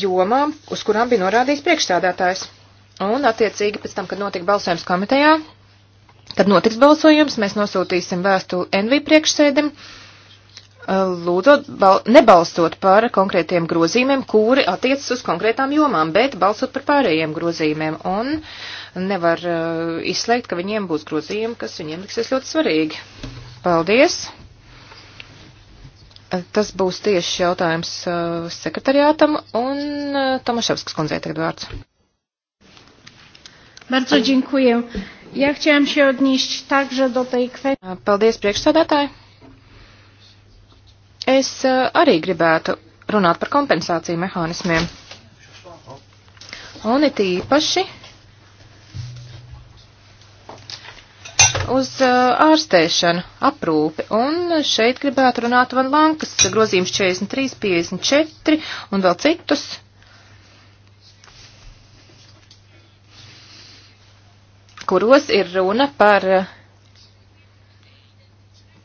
jomām, uz kurām bija norādījis priekšsādātājs. Un, attiecīgi, pēc tam, kad notika balsojums komitejā, kad notiks balsojums, mēs nosūtīsim vēstuli NV priekšsēdim, lūdzot bal nebalsot par konkrētiem grozījumiem, kuri attiecas uz konkrētām jomām, bet balsot par pārējiem grozījumiem. Un, uh, nevar uh, izslēgt, ka viņiem būs grozījumi, kas viņiem liksies ļoti svarīgi. Paldies! Uh, tas būs tieši jautājums uh, sekretariātam un Tomaševskas kundzei tagad vārds. Bardzo dziękuję. Ja chciałam się odnieść także do tej kwestii. Paldies, priekšsādātāji. Es arī gribētu runāt par kompensāciju mehānismiem. Un it īpaši uz uh, ārstēšanu, aprūpi, un šeit gribētu runāt Van Lankas grozījums 43, 54 un vēl citus. kuros ir runa par uh,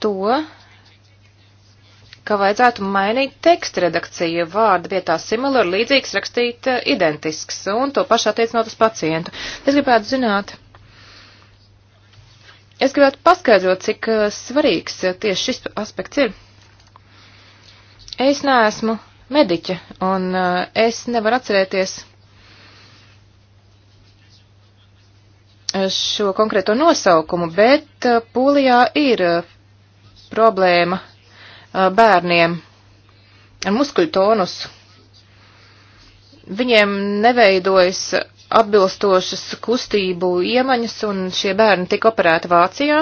to, ka vajadzētu mainīt tekstu redakciju, vārdu vietā similar, līdzīgs rakstīt uh, identisks, un to pašu attiecinot uz pacientu. Es gribētu zināt, Es gribētu paskaidrot, cik eh, svarīgs eh, tieši šis aspekts ir. Es neesmu mediķe, un eh, es nevaru atcerēties šo konkrēto nosaukumu, bet Pūlijā ir problēma bērniem ar muskuļu tonusu. Viņiem neveidojas atbilstošas kustību iemaņas, un šie bērni tika operēti Vācijā.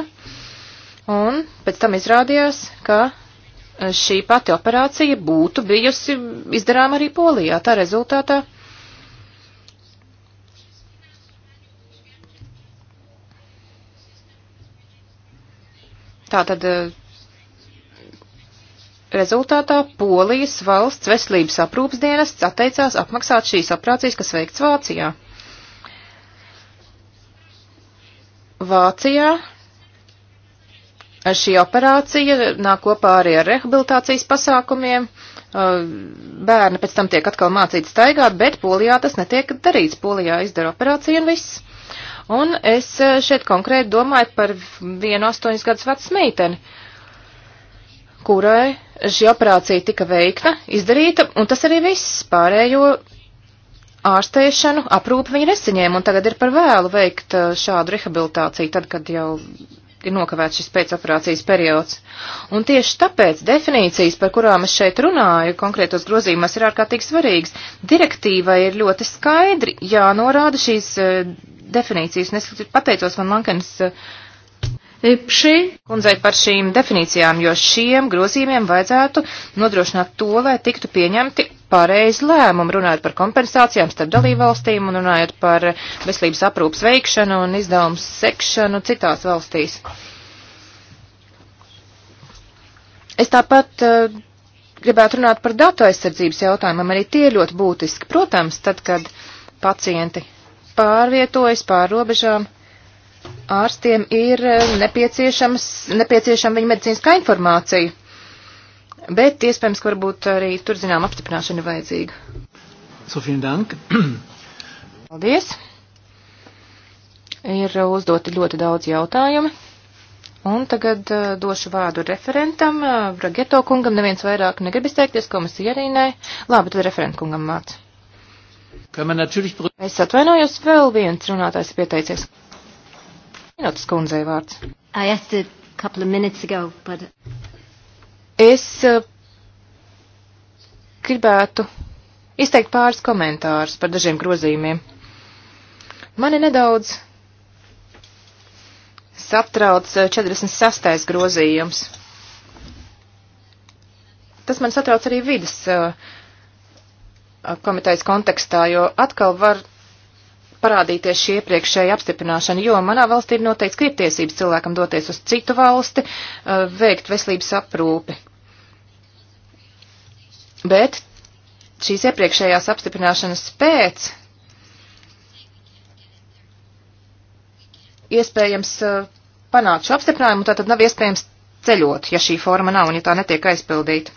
Un pēc tam izrādījās, ka e, šī pati operācija būtu bijusi izdarām arī Polijā. Tā rezultātā Tātad e, rezultātā Polijas valsts veselības aprūpas dienests atteicās apmaksāt šīs operācijas, kas veikts Vācijā. Vācijā šī operācija nāk kopā arī ar rehabilitācijas pasākumiem. Uh, bērni pēc tam tiek atkal mācīti staigāt, bet polijā tas netiek darīts. Polijā izdara operāciju un viss. Un es uh, šeit konkrēti domāju par vienu astoņus gadus vecu meiteni, kurai šī operācija tika veikta, izdarīta, un tas arī viss pārējo ārstēšanu aprūpi viņi nesaņēma, un tagad ir par vēlu veikt uh, šādu rehabilitāciju, tad, kad jau ir nokavēts šis pēcoperācijas periods. Un tieši tāpēc definīcijas, par kurām es šeit runāju, konkrētos grozījumos ir ārkārtīgi svarīgas. Direktīvai ir ļoti skaidri jānorāda šīs uh, definīcijas, un es pateicos man Lankens uh, Ipši. Kundzei par šīm definīcijām, jo šiem grozījumiem vajadzētu nodrošināt to, vai tiktu pieņemti pareizi lēmumu, runājot par kompensācijām starp dalībvalstīm un runājot par veselības aprūpas veikšanu un izdevumu sekšanu citās valstīs. Es tāpat uh, gribētu runāt par datu aizsardzības jautājumiem, arī tie ļoti būtiski. Protams, tad, kad pacienti pārvietojas pār robežām, ārstiem ir eh, nepieciešama viņa medicīniskā informācija Bet iespējams, ka varbūt arī tur zinām apstiprināšana vajadzīga. Sofija Dank. Paldies. Ir uzdoti ļoti daudz jautājumu. Un tagad uh, došu vārdu referentam, uh, Rageto kungam, neviens vairāk negrib izteikties, komisija arī nē. Labi, tad referent kungam māc. Es atvainojos, vēl viens runātājs pieteicies. Minūtes kundzei vārds. Ago, but... Es eh, gribētu izteikt pāris komentārus par dažiem grozījumiem. Mani nedaudz satrauc 46. Eh, grozījums. Tas man satrauc arī vidas eh, komitejas kontekstā, jo atkal var parādīties šī iepriekšēja apstiprināšana, jo manā valstī ir noteikts, ka ir tiesības cilvēkam doties uz citu valsti, uh, veikt veselības aprūpi. Bet šīs iepriekšējās apstiprināšanas pēc iespējams uh, panākt šo apstiprinājumu, tātad nav iespējams ceļot, ja šī forma nav un ja tā netiek aizpildīta.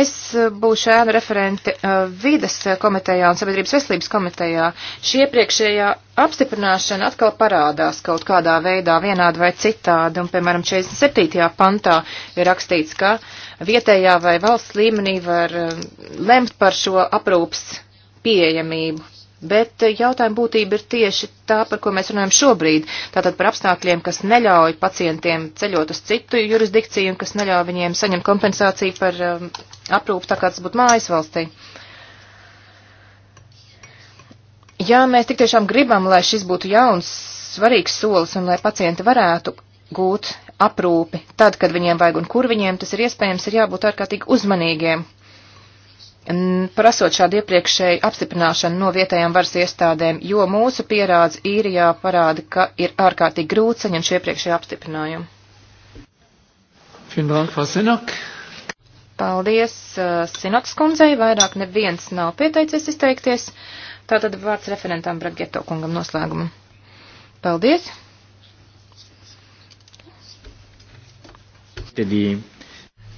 Es eh, būšu ēnu referente eh, vides eh, komitejā un sabiedrības veselības komitejā. Šī iepriekšējā apstiprināšana atkal parādās kaut kādā veidā, vienādi vai citādi, un, piemēram, 47. pantā ir rakstīts, ka vietējā vai valsts līmenī var lemt par šo aprūpas pieejamību. Bet jautājuma būtība ir tieši tā, par ko mēs runājam šobrīd. Tātad par apstākļiem, kas neļauj pacientiem ceļot uz citu jurisdikciju un kas neļauj viņiem saņemt kompensāciju par um, aprūp tā kā tas būtu mājas valstī. Ja mēs tik tiešām gribam, lai šis būtu jauns, svarīgs solis un lai pacienti varētu gūt aprūpi tad, kad viņiem vajag un kur viņiem tas ir iespējams, ir jābūt ārkārtīgi uzmanīgiem. Prasot šādu iepriekšēju apstiprināšanu no vietējām varas iestādēm, jo mūsu pierādze īrijā parāda, ka ir ārkārtīgi grūti saņemt šo iepriekšēju apstiprinājumu. Vielen Dank, Frau Senok. Paldies uh, Sinotas kundzei, vairāk neviens nav pieteicies izteikties. Tātad vārds referentam Brageto kungam noslēgumu. Paldies! Tedī.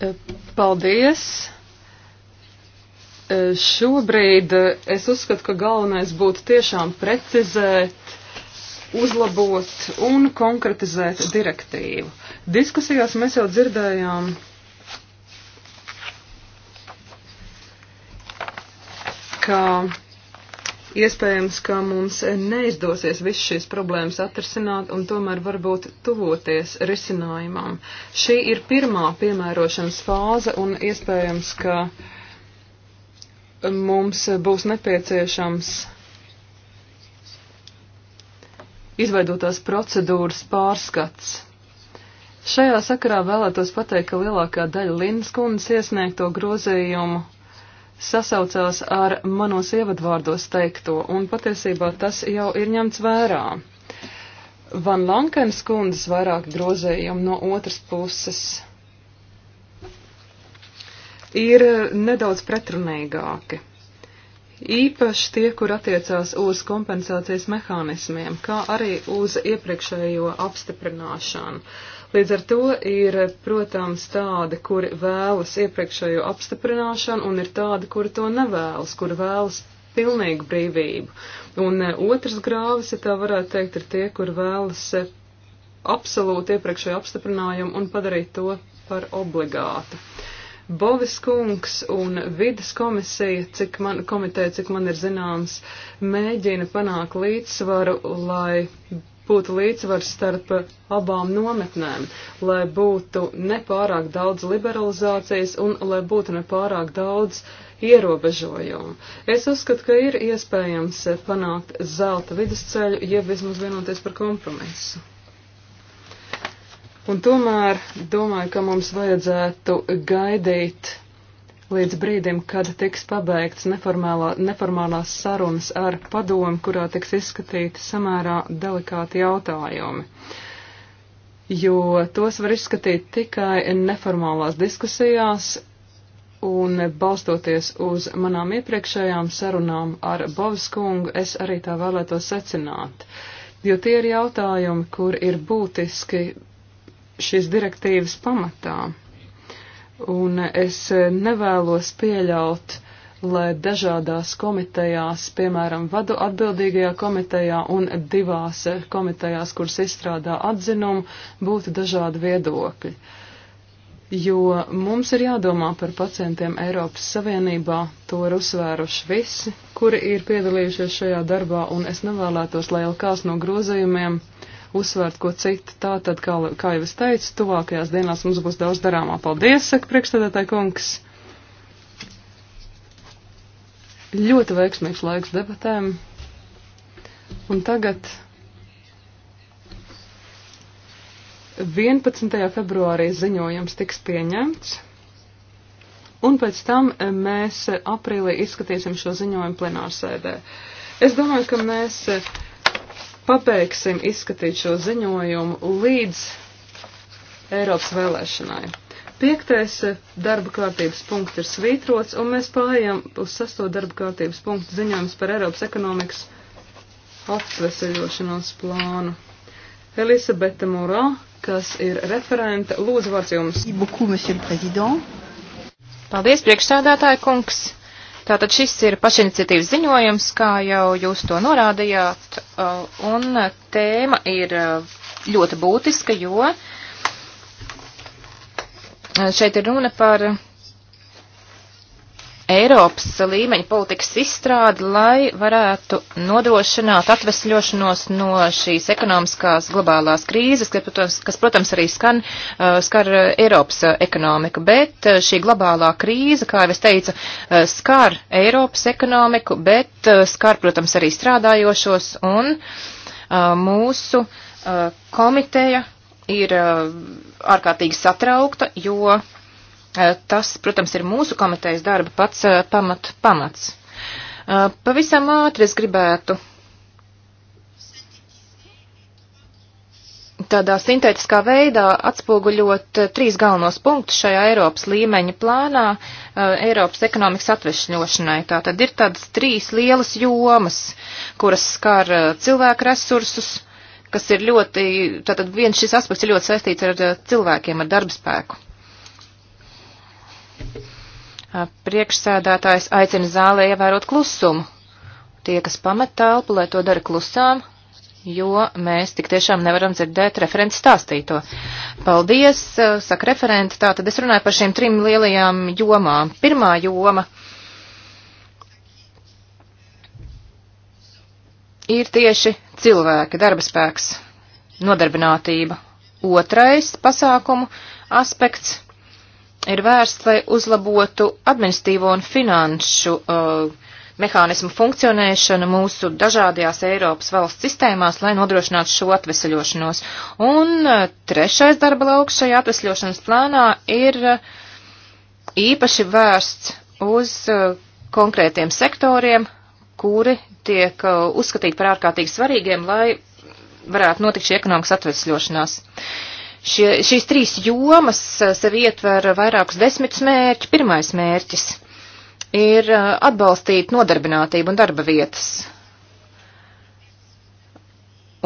Uh, paldies! Uh, šobrīd uh, es uzskatu, ka galvenais būtu tiešām precizēt, uzlabot un konkretizēt direktīvu. Diskusijās mēs jau dzirdējām ka iespējams, ka mums neizdosies visu šīs problēmas atrisināt un tomēr varbūt tuvoties risinājumam. Šī ir pirmā piemērošanas fāze un iespējams, ka mums būs nepieciešams izveidotās procedūras pārskats. Šajā sakarā vēlētos pateikt, ka lielākā daļa Lindas kundas iesniegto grozījumu sasaucās ar manos ievadvārdos teikto, un patiesībā tas jau ir ņemts vērā. Van Lankens kundzes vairāk grozējumu no otras puses ir nedaudz pretrunīgāki. Īpaši tie, kur attiecās uz kompensācijas mehānismiem, kā arī uz iepriekšējo apstiprināšanu. Līdz ar to ir, protams, tādi, kuri vēlas iepriekšējo apstiprināšanu, un ir tādi, kuri to nevēlas, kuri vēlas pilnīgu brīvību. Un e, otrs grāvis, ja tā varētu teikt, ir tie, kuri vēlas e, absolūti iepriekšējo apstiprinājumu un padarīt to par obligātu. Bovis kungs un vidas komisija, cik man, komiteja, cik man ir zināms, mēģina panākt līdzsvaru, lai būtu līdzsvars starp abām nometnēm, lai būtu nepārāk daudz liberalizācijas un lai būtu nepārāk daudz ierobežojumu. Es uzskatu, ka ir iespējams panākt zelta vidusceļu, ja vismaz vienoties par kompromisu. Un tomēr domāju, ka mums vajadzētu gaidīt līdz brīdim, kad tiks pabeigts neformālās sarunas ar padomu, kurā tiks izskatīti samērā delikāti jautājumi. Jo tos var izskatīt tikai neformālās diskusijās un balstoties uz manām iepriekšējām sarunām ar Bovskungu, es arī tā vēlētos secināt. Jo tie ir jautājumi, kur ir būtiski šīs direktīvas pamatā. Un es nevēlos pieļaut, lai dažādās komitejās, piemēram, vadu atbildīgajā komitejā un divās komitejās, kuras izstrādā atzinumu, būtu dažādi viedokļi. Jo mums ir jādomā par pacientiem Eiropas Savienībā, to ir uzsvēruši visi, kuri ir piedalījušies šajā darbā, un es nevēlētos, lai jau kāds no grozījumiem uh, uzsvērt ko citu. Tātad, kā, kā jau es teicu, tuvākajās dienās mums būs daudz darāmā. Paldies, saka priekšstādātāji kungs. Ļoti veiksmīgs laiks debatēm. Un tagad 11. februārī ziņojums tiks pieņemts. Un pēc tam mēs aprīlī izskatīsim šo ziņojumu plenārsēdē. Es domāju, ka mēs pabeigsim izskatīt šo ziņojumu līdz Eiropas vēlēšanai. Piektais eh, darba kārtības punkts ir svītrots, un mēs pārējām uz sesto darba kārtības punktu ziņojums par Eiropas ekonomikas atveseļošanos plānu. Elisabete Morā, kas ir referente, lūdzu vārds jums. Paldies, priekšsēdētāja kungs. Tātad šis ir pašiniciatīvas ziņojums, kā jau jūs to norādījāt, uh, un tēma ir uh, ļoti būtiska, jo uh, šeit ir runa par Eiropas līmeņa politikas izstrādi, lai varētu nodrošināt atvesļošanos no šīs ekonomiskās globālās krīzes, kas, protams, kas, protams arī skan, uh, skar Eiropas uh, ekonomiku, bet uh, šī globālā krīze, kā jau es teicu, skar Eiropas ekonomiku, bet skar, protams, arī strādājošos un mūsu komiteja ir ārkārtīgi satraukta, jo Eh, tas, protams, ir mūsu komitejas darba pats eh, pamat, pamats. Eh, pavisam ātri es gribētu tādā sintētiskā veidā atspoguļot trīs galvenos punktus šajā Eiropas līmeņa plānā Eiropas ekonomikas atvešņošanai. Tā tad ir tādas trīs lielas jomas, kuras skar cilvēku resursus, kas ir ļoti, tātad viens šis aspekts ir ļoti saistīts ar cilvēkiem, ar darbspēku. Priekšsēdētājs aicina zālē ievērot klusumu. Tie, kas pamet telpu, lai to dara klusām, jo mēs tik tiešām nevaram dzirdēt referents stāstīto. Paldies, saka referenti. Tātad es runāju par šīm trim lielajām jomām. Pirmā joma ir tieši cilvēki, darba spēks, nodarbinātība. Otrais pasākumu aspekts ir vērsts, lai uzlabotu administīvo un finanšu uh, mehānismu funkcionēšanu mūsu dažādajās Eiropas valsts sistēmās, lai nodrošinātu šo atveseļošanos. Un uh, trešais darba lauks šajā atveseļošanas plānā ir uh, īpaši vērsts uz uh, konkrētiem sektoriem, kuri tiek uh, uzskatīti par ārkārtīgi svarīgiem, lai varētu notikt šī ekonomikas atvesļošanās. Uh, Šie, šīs trīs jomas eh, sev ietver vairākus desmitus mērķus. Pirmais mērķis ir eh, atbalstīt nodarbinātību un darba vietas.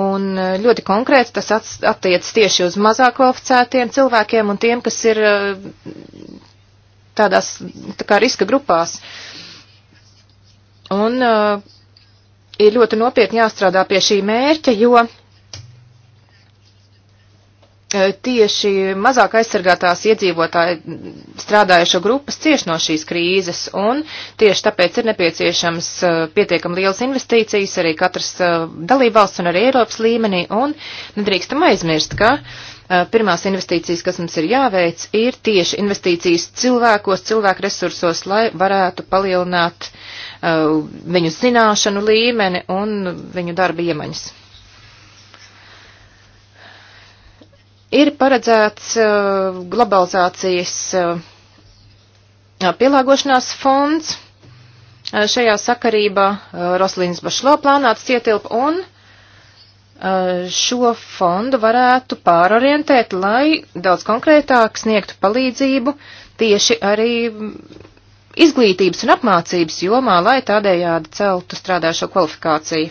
Un eh, ļoti konkrēti tas attiecas tieši uz mazāk kvalificētiem cilvēkiem un tiem, kas ir tādās tā kā riska grupās. Un uh, ir ļoti nopietni jāstrādā pie šī mērķa, jo Eh, tieši mazāk aizsargātās iedzīvotāji strādājušo grupas cieš no šīs krīzes, un tieši tāpēc ir nepieciešams eh, pietiekam liels investīcijas arī katras eh, dalībvalsts un arī Eiropas līmenī, un nedrīkstam aizmirst, ka pirmās investīcijas, kas mums ir jāveic, ir tieši investīcijas cilvēkos, cilvēku resursos, lai varētu palielināt viņu zināšanu līmeni un viņu darba iemaņas. Ir paredzēts uh, globalizācijas uh, pielāgošanās fonds. Uh, šajā sakarībā Roslīns Bašlo plānāts ietilpa un šo fondu varētu pārorientēt, lai daudz konkrētāk sniegtu palīdzību tieši arī izglītības un apmācības jomā, lai tādējādi celtu strādājošo kvalifikāciju.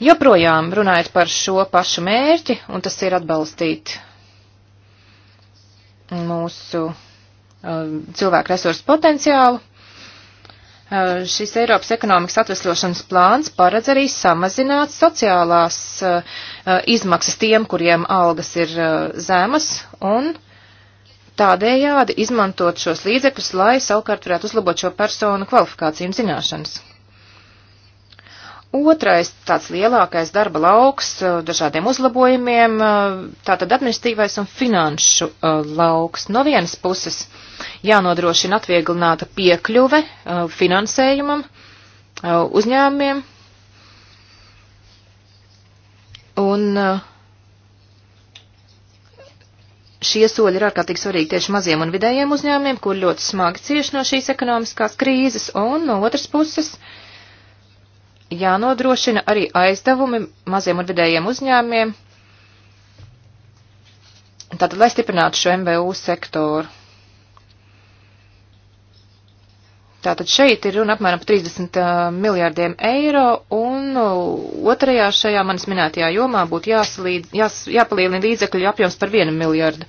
Joprojām runājot par šo pašu mērķi, un tas ir atbalstīt mūsu uh, cilvēku resursu potenciālu, uh, šis Eiropas ekonomikas atvesļošanas plāns paredz arī samazināt sociālās uh, uh izmaksas tiem, kuriem algas ir uh, zemas, un tādējādi izmantot šos līdzekļus, lai savukārt varētu uzlabot šo personu kvalifikāciju un zināšanas. Otrais tāds lielākais darba lauks uh, dažādiem uzlabojumiem, uh, tātad administratīvais un finanšu uh, lauks. No vienas puses jānodrošina atvieglināta piekļuve finansējumam uzņēmumiem. Un šie soļi ir ārkārtīgi svarīgi tieši maziem un vidējiem uzņēmumiem, kur ļoti smagi cieši no šīs ekonomiskās krīzes. Un no otras puses. Uh, jānodrošina arī aizdevumi maziem un vidējiem uzņēmiem, tātad, lai stiprinātu šo MVU sektoru. Tātad šeit ir runa apmēram par 30 miljārdiem eiro, un otrajā šajā manis minētajā jomā būtu jāsalīdz, jās, jāpalielina līdzekļu apjoms par 1 miljārdu.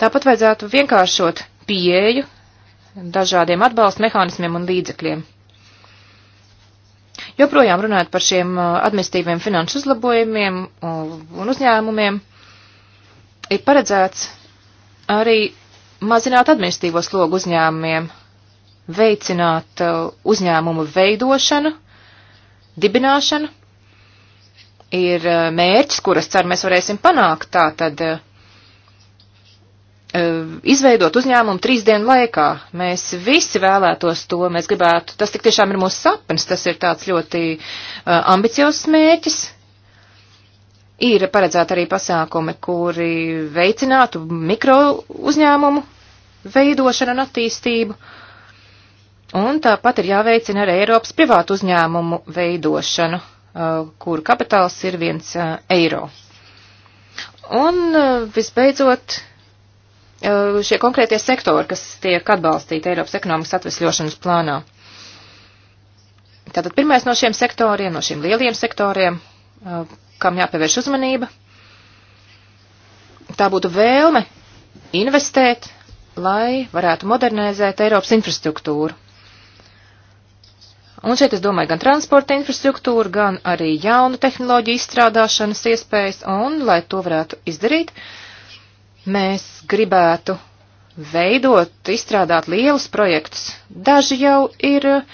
Tāpat vajadzētu vienkāršot pieeju dažādiem atbalsta mehānismiem un līdzekļiem. Joprojām runājot par šiem uh, administratīviem finanšu uzlabojumiem uh, un uzņēmumiem, ir paredzēts arī mazināt administratīvo slogu uzņēmumiem, veicināt uh, uzņēmumu veidošanu, dibināšanu. Ir mērķis, kuras ceru mēs varēsim panākt, tā tad Eh, izveidot uzņēmumu trīs dienu laikā. Mēs visi vēlētos to, mēs gribētu, tas tik tiešām ir mūsu sapnis, tas ir tāds ļoti eh, ambiciozs mēķis. Ir paredzēti arī pasākumi, kuri veicinātu mikro uzņēmumu veidošanu un attīstību. Un tāpat ir jāveicina arī Eiropas privātu uzņēmumu veidošanu, eh, kuru kapitāls ir viens eiro. Un visbeidzot, Uh, šie konkrētie sektori, kas tiek atbalstīti Eiropas ekonomikas atvesļošanas plānā. Tātad pirmais no šiem sektoriem, no šiem lieliem sektoriem, uh, kam jāpievērš uzmanība, tā būtu vēlme investēt, lai varētu modernizēt Eiropas infrastruktūru. Un šeit es domāju gan transporta infrastruktūru, gan arī jaunu tehnoloģiju izstrādāšanas iespējas, un, lai to varētu izdarīt, uh, Mēs gribētu veidot, izstrādāt lielus projektus. Daži jau ir eh,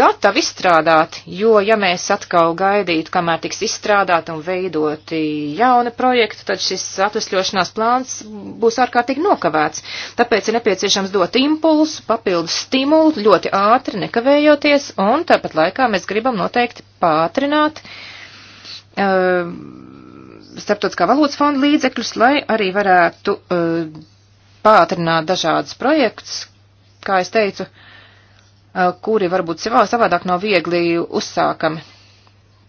gatavi izstrādāt, jo ja mēs atkal gaidītu, kamēr tiks izstrādāti un veidoti jauni projekti, tad šis atvesļošanās plāns būs ārkārtīgi nokavēts. Tāpēc ir nepieciešams dot impulsu, papildus stimulu ļoti ātri, nekavējoties, un tāpat laikā mēs gribam noteikti pātrināt. Uh, starptautiskā valodas fonda līdzekļus, lai arī varētu uh, pātrināt dažādus projektus, kā es teicu, uh, kuri varbūt savā savādāk nav viegli uzsākami.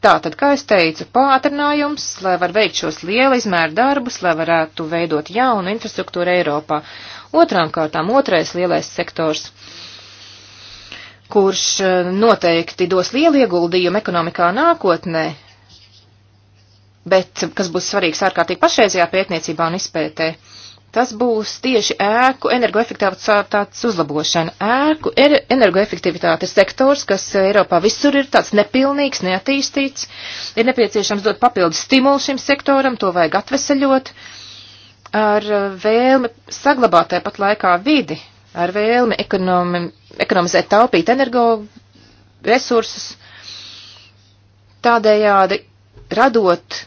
Tātad, kā es teicu, pātrinājums, lai var veikt šos liela izmēra darbus, lai varētu veidot jaunu infrastruktūru Eiropā. Otrām kārtām otrais lielais sektors, kurš eh, noteikti dos lielu ieguldījumu ekonomikā nākotnē, bet kas būs svarīgs ārkārtīgi pašreizajā pētniecībā un izpētē, tas būs tieši ēku energoefektivitātes uzlabošana. Ēku er energoefektivitātes sektors, kas Eiropā visur ir tāds nepilnīgs, neattīstīts, ir nepieciešams dot papildus stimulu šim sektoram, to vajag atveseļot ar vēlmi saglabāt tāpat laikā vidi, ar vēlmi ekonomi, ekonomizēt taupīt energo resursus, tādējādi radot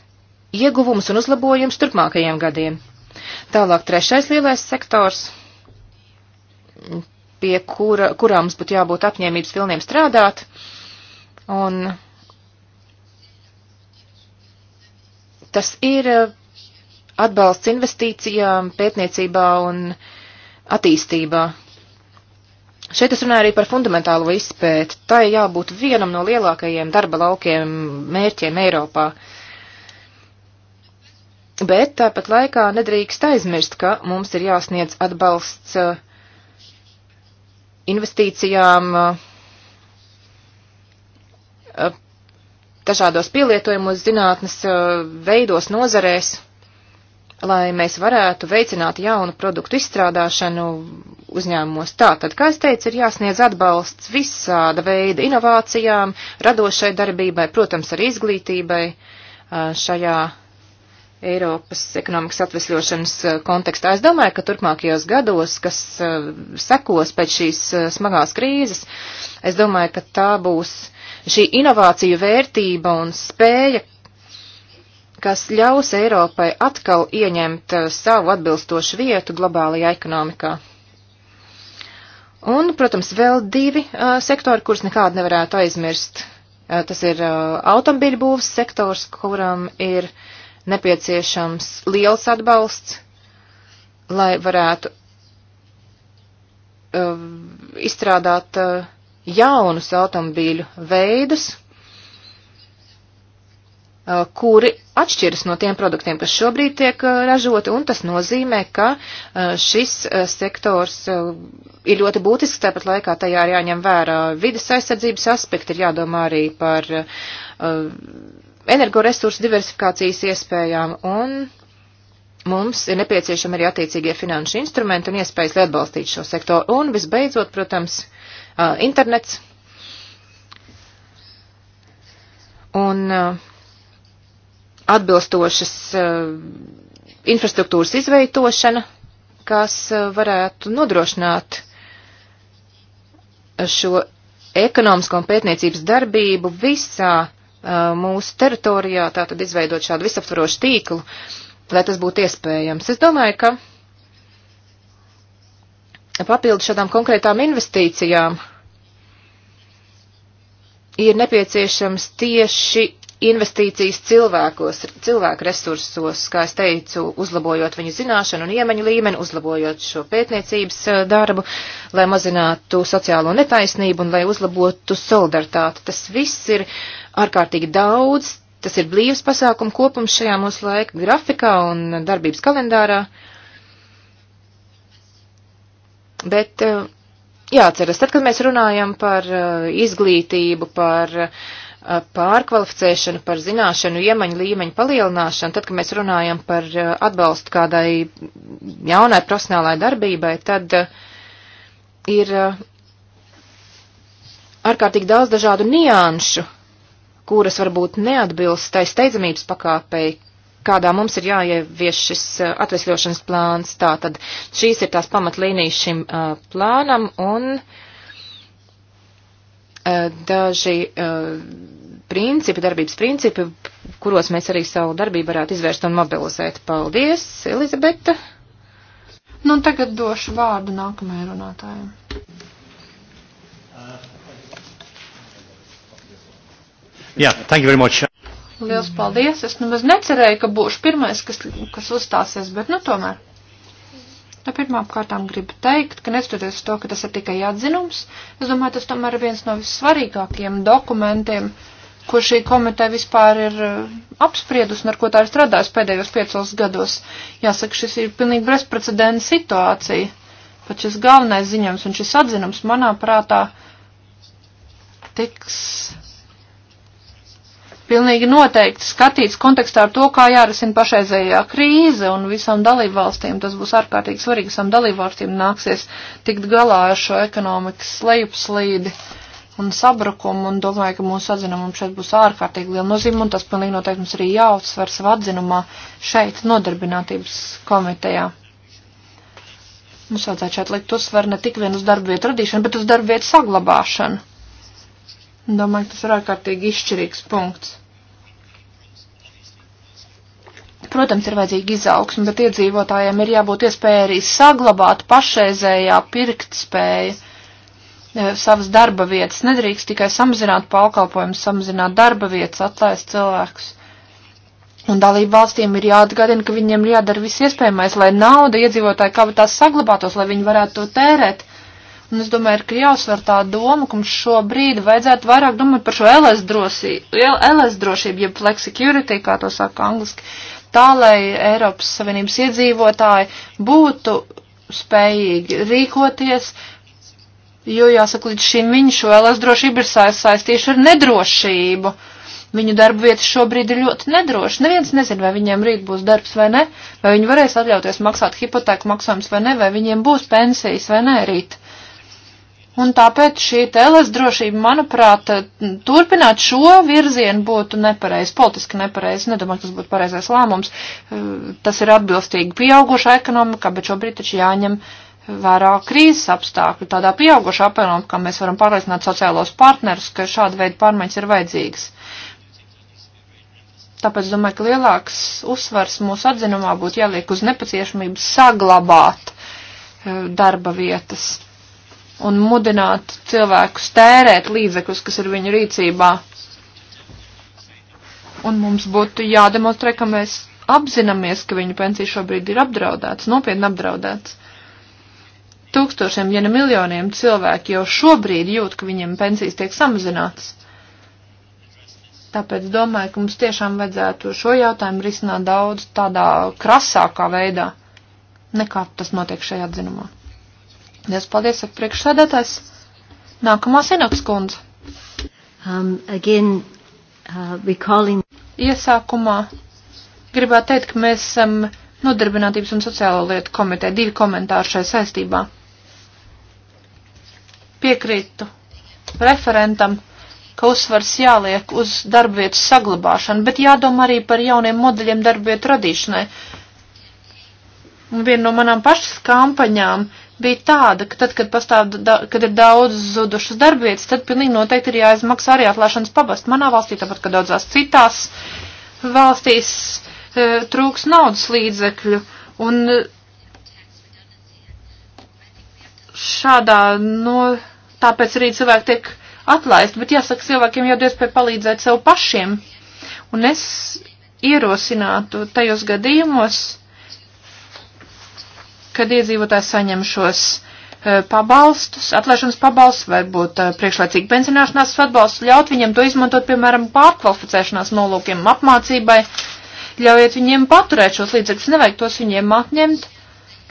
ieguvumus un uzlabojumus turpmākajiem gadiem. Tālāk trešais lielais sektors, pie kura, kurā mums būtu jābūt apņēmības pilniem strādāt, un tas ir eh, atbalsts investīcijām, pētniecībā un attīstībā. Šeit es runāju arī par fundamentālo izpēti. Tā ir jābūt vienam no lielākajiem darba laukiem mērķiem Eiropā. Uh, Bet tāpat laikā nedrīkst aizmirst, ka mums ir jāsniedz atbalsts uh, investīcijām uh, uh, dažādos pielietojumos zinātnes veidos nozarēs, lai mēs varētu veicināt jaunu produktu izstrādāšanu uzņēmumos. Tātad, kā es teicu, ir jāsniedz atbalsts visāda veida inovācijām, radošai darbībai, protams, arī izglītībai šajā Eiropas ekonomikas atvesļošanas eh, kontekstā. Es domāju, ka turpmākajos gados, kas eh, sekos pēc šīs eh, smagās krīzes, es domāju, ka tā būs šī inovāciju vērtība un spēja, kas ļaus Eiropai atkal ieņemt savu atbilstošu vietu globālajā ekonomikā. Un, protams, vēl divi uh, sektori, kurus nekādu nevarētu aizmirst. Uh, tas ir uh, automobīļu būvs sektors, kuram ir uh, nepieciešams liels atbalsts, lai varētu uh, izstrādāt uh, jaunus automobīļu veidus, uh, kuri atšķiras no tiem produktiem, kas šobrīd tiek uh, ražoti, un tas nozīmē, ka uh, šis uh, sektors ir ļoti būtisks, tāpat laikā tajā ir jāņem vērā vidas aizsardzības aspekti, ir jādomā arī par energoresursu diversifikācijas iespējām, un mums ir nepieciešami arī attiecīgie finanšu instrumenti un iespējas, lai atbalstītu šo sektoru. Un visbeidzot, protams, internets. Un atbilstošas infrastruktūras izveidošana, kas varētu nodrošināt šo ekonomisko un pētniecības darbību visā Uh, mūsu teritorijā, tātad izveidot šādu visaptvarošu tīklu, lai tas būtu iespējams. Es domāju, ka papildus šādām konkrētām investīcijām ir nepieciešams tieši investīcijas cilvēkos, cilvēku resursos, kā es teicu, uzlabojot viņu zināšanu un iemaņu līmeni, uzlabojot šo pētniecības eh, darbu, lai mazinātu sociālo netaisnību un lai uzlabotu solidaritāti. Tas viss ir ārkārtīgi daudz, tas ir blīvs pasākumu kopums šajā mūsu laika grafikā un darbības kalendārā. Bet eh, jāatceras, tad, kad mēs runājam par eh, izglītību, par uh, pārkvalificēšanu, par zināšanu iemaņu līmeņu palielināšanu, tad, kad mēs runājam par atbalstu kādai jaunai profesionālai darbībai, tad ir ārkārtīgi daudz dažādu nianšu, kuras varbūt neatbilst tai steidzamības pakāpei, kādā mums ir jāievieš šis atvesļošanas plāns. Tātad šīs ir tās pamatlīnijas šim uh, plānam un uh, daži uh, principi, darbības principi, kuros mēs arī savu darbību varētu izvērst un mobilizēt. Paldies, Elizabeta! Nu, tagad došu vārdu nākamajai runātājai. Jā, yeah, thank you very much. Liels paldies! Es nemaz necerēju, ka būšu pirmais, kas, kas uzstāsies, bet nu tomēr. Nu, pirmām kārtām gribu teikt, ka neskatoties to, ka tas ir tikai atzinums, es domāju, tas tomēr ir viens no vissvarīgākajiem dokumentiem, uh, ko šī komiteja vispār ir eh, apspriedus un ar ko tā ir strādājusi pēdējos piecos gados. Jāsaka, šis ir pilnīgi bezprecedenta situācija. Pat šis galvenais ziņojums un šis atzinums manā prātā tiks pilnīgi noteikti skatīts kontekstā ar to, kā jārisina pašreizējā krīze un visām dalībvalstīm. Tas būs ārkārtīgi svarīgi, visām dalībvalstīm nāksies tikt galā ar šo ekonomikas lejupslīdi. Uh, un sabrukumu, un domāju, ka mūsu atzinumam šeit būs ārkārtīgi liela nozīme, un tas pilnīgi noteikti mums arī jāuzsver savā atzinumā šeit nodarbinātības komitejā. Mums vajadzētu šeit likt uzsver ne tik vien uz darba vietu radīšanu, bet uz darba vietu saglabāšanu. Domāju, ka tas ir ārkārtīgi izšķirīgs punkts. Protams, ir vajadzīga izaugsme, bet iedzīvotājiem ir jābūt iespēja arī saglabāt pašreizējā pirktspēja E, savas darba vietas. Nedrīkst tikai samazināt pakalpojumus, samazināt darba vietas, atlaist cilvēkus. Un dalību valstīm ir jāatgādina, ka viņiem ir jādara viss iespējamais, lai nauda iedzīvotāju kabatās saglabātos, lai viņi varētu to tērēt. Un es domāju, ka jāuzsver tā doma, ka mums šobrīd vajadzētu vairāk domāt par šo LS drošību, LS drošību, jeb flex security, kā to saka angliski, tā, lai Eiropas Savienības iedzīvotāji būtu spējīgi rīkoties, uh, jo, jāsaka, līdz šim viņu šo LS drošību ir saistījuši ar nedrošību. Viņu darba vieta šobrīd ir ļoti nedroša. Neviens nezina, vai viņiem rīt būs darbs vai ne, vai viņi varēs atļauties maksāt hipotēku maksājumus vai ne, vai viņiem būs pensijas vai nē rīt. Un tāpēc šī LS drošība, manuprāt, turpināt šo virzienu būtu nepareizi, politiski nepareizi. Nedomāju, tas būtu pareizais lēmums. Tas ir atbilstīgi pieaugušā ekonomikā, bet šobrīd taču jāņem vērā krīzes apstākļi, tādā pieaugušā ekonomikā mēs varam pārliecināt sociālos partnerus, ka šāda veida pārmaiņas ir vajadzīgas. Tāpēc domāju, ka lielāks uzsvars mūsu atzinumā būtu jāliek uz nepaciešamību saglabāt e, darba vietas un mudināt cilvēkus tērēt līdzekļus, kas ir viņu rīcībā. Un mums būtu jādemonstrē, ka mēs apzināmies, ka viņu pensija šobrīd ir apdraudēts, nopietni apdraudēts tūkstošiem, ja ne miljoniem cilvēki jau šobrīd jūt, ka viņiem pensijas tiek samazinātas. Tāpēc domāju, ka mums tiešām vajadzētu šo jautājumu risināt daudz tādā krasākā veidā, nekā tas notiek šajā atzinumā. Liels paldies, saka priekšsēdētājs. Nākamā sinaks kundze. Um, again, uh, recalling... Iesākumā gribētu teikt, ka mēs esam um, Nodarbinātības un sociālo lietu komiteja divi komentāri šai saistībā piekrītu referentam, ka uzsvars jāliek uz darbvietas saglabāšanu, bet jādomā arī par jauniem modeļiem darbvietu radīšanai. Un viena no manām pašas kampaņām bija tāda, ka tad, kad, pastāv, da, kad ir daudz zudušas darbvietas, tad pilnīgi noteikti ir jāizmaksā arī atlāšanas pabast. Manā valstī, tāpat kā daudzās citās valstīs, e, trūks naudas līdzekļu. Un e, šādā, no, nu, tāpēc arī cilvēki tiek atlaisti, bet jāsaka, cilvēkiem jau diezpēj palīdzēt sev pašiem. Un es ierosinātu tajos gadījumos, kad iedzīvotājs saņem šos uh, pabalstus, atlaišanas pabalstus, varbūt uh, priekšlaicīgi pensionēšanās atbalstu, ļaut viņiem to izmantot, piemēram, pārkvalificēšanās nolūkiem, apmācībai, ļaujiet viņiem paturēt šos līdzekļus, nevajag tos viņiem atņemt,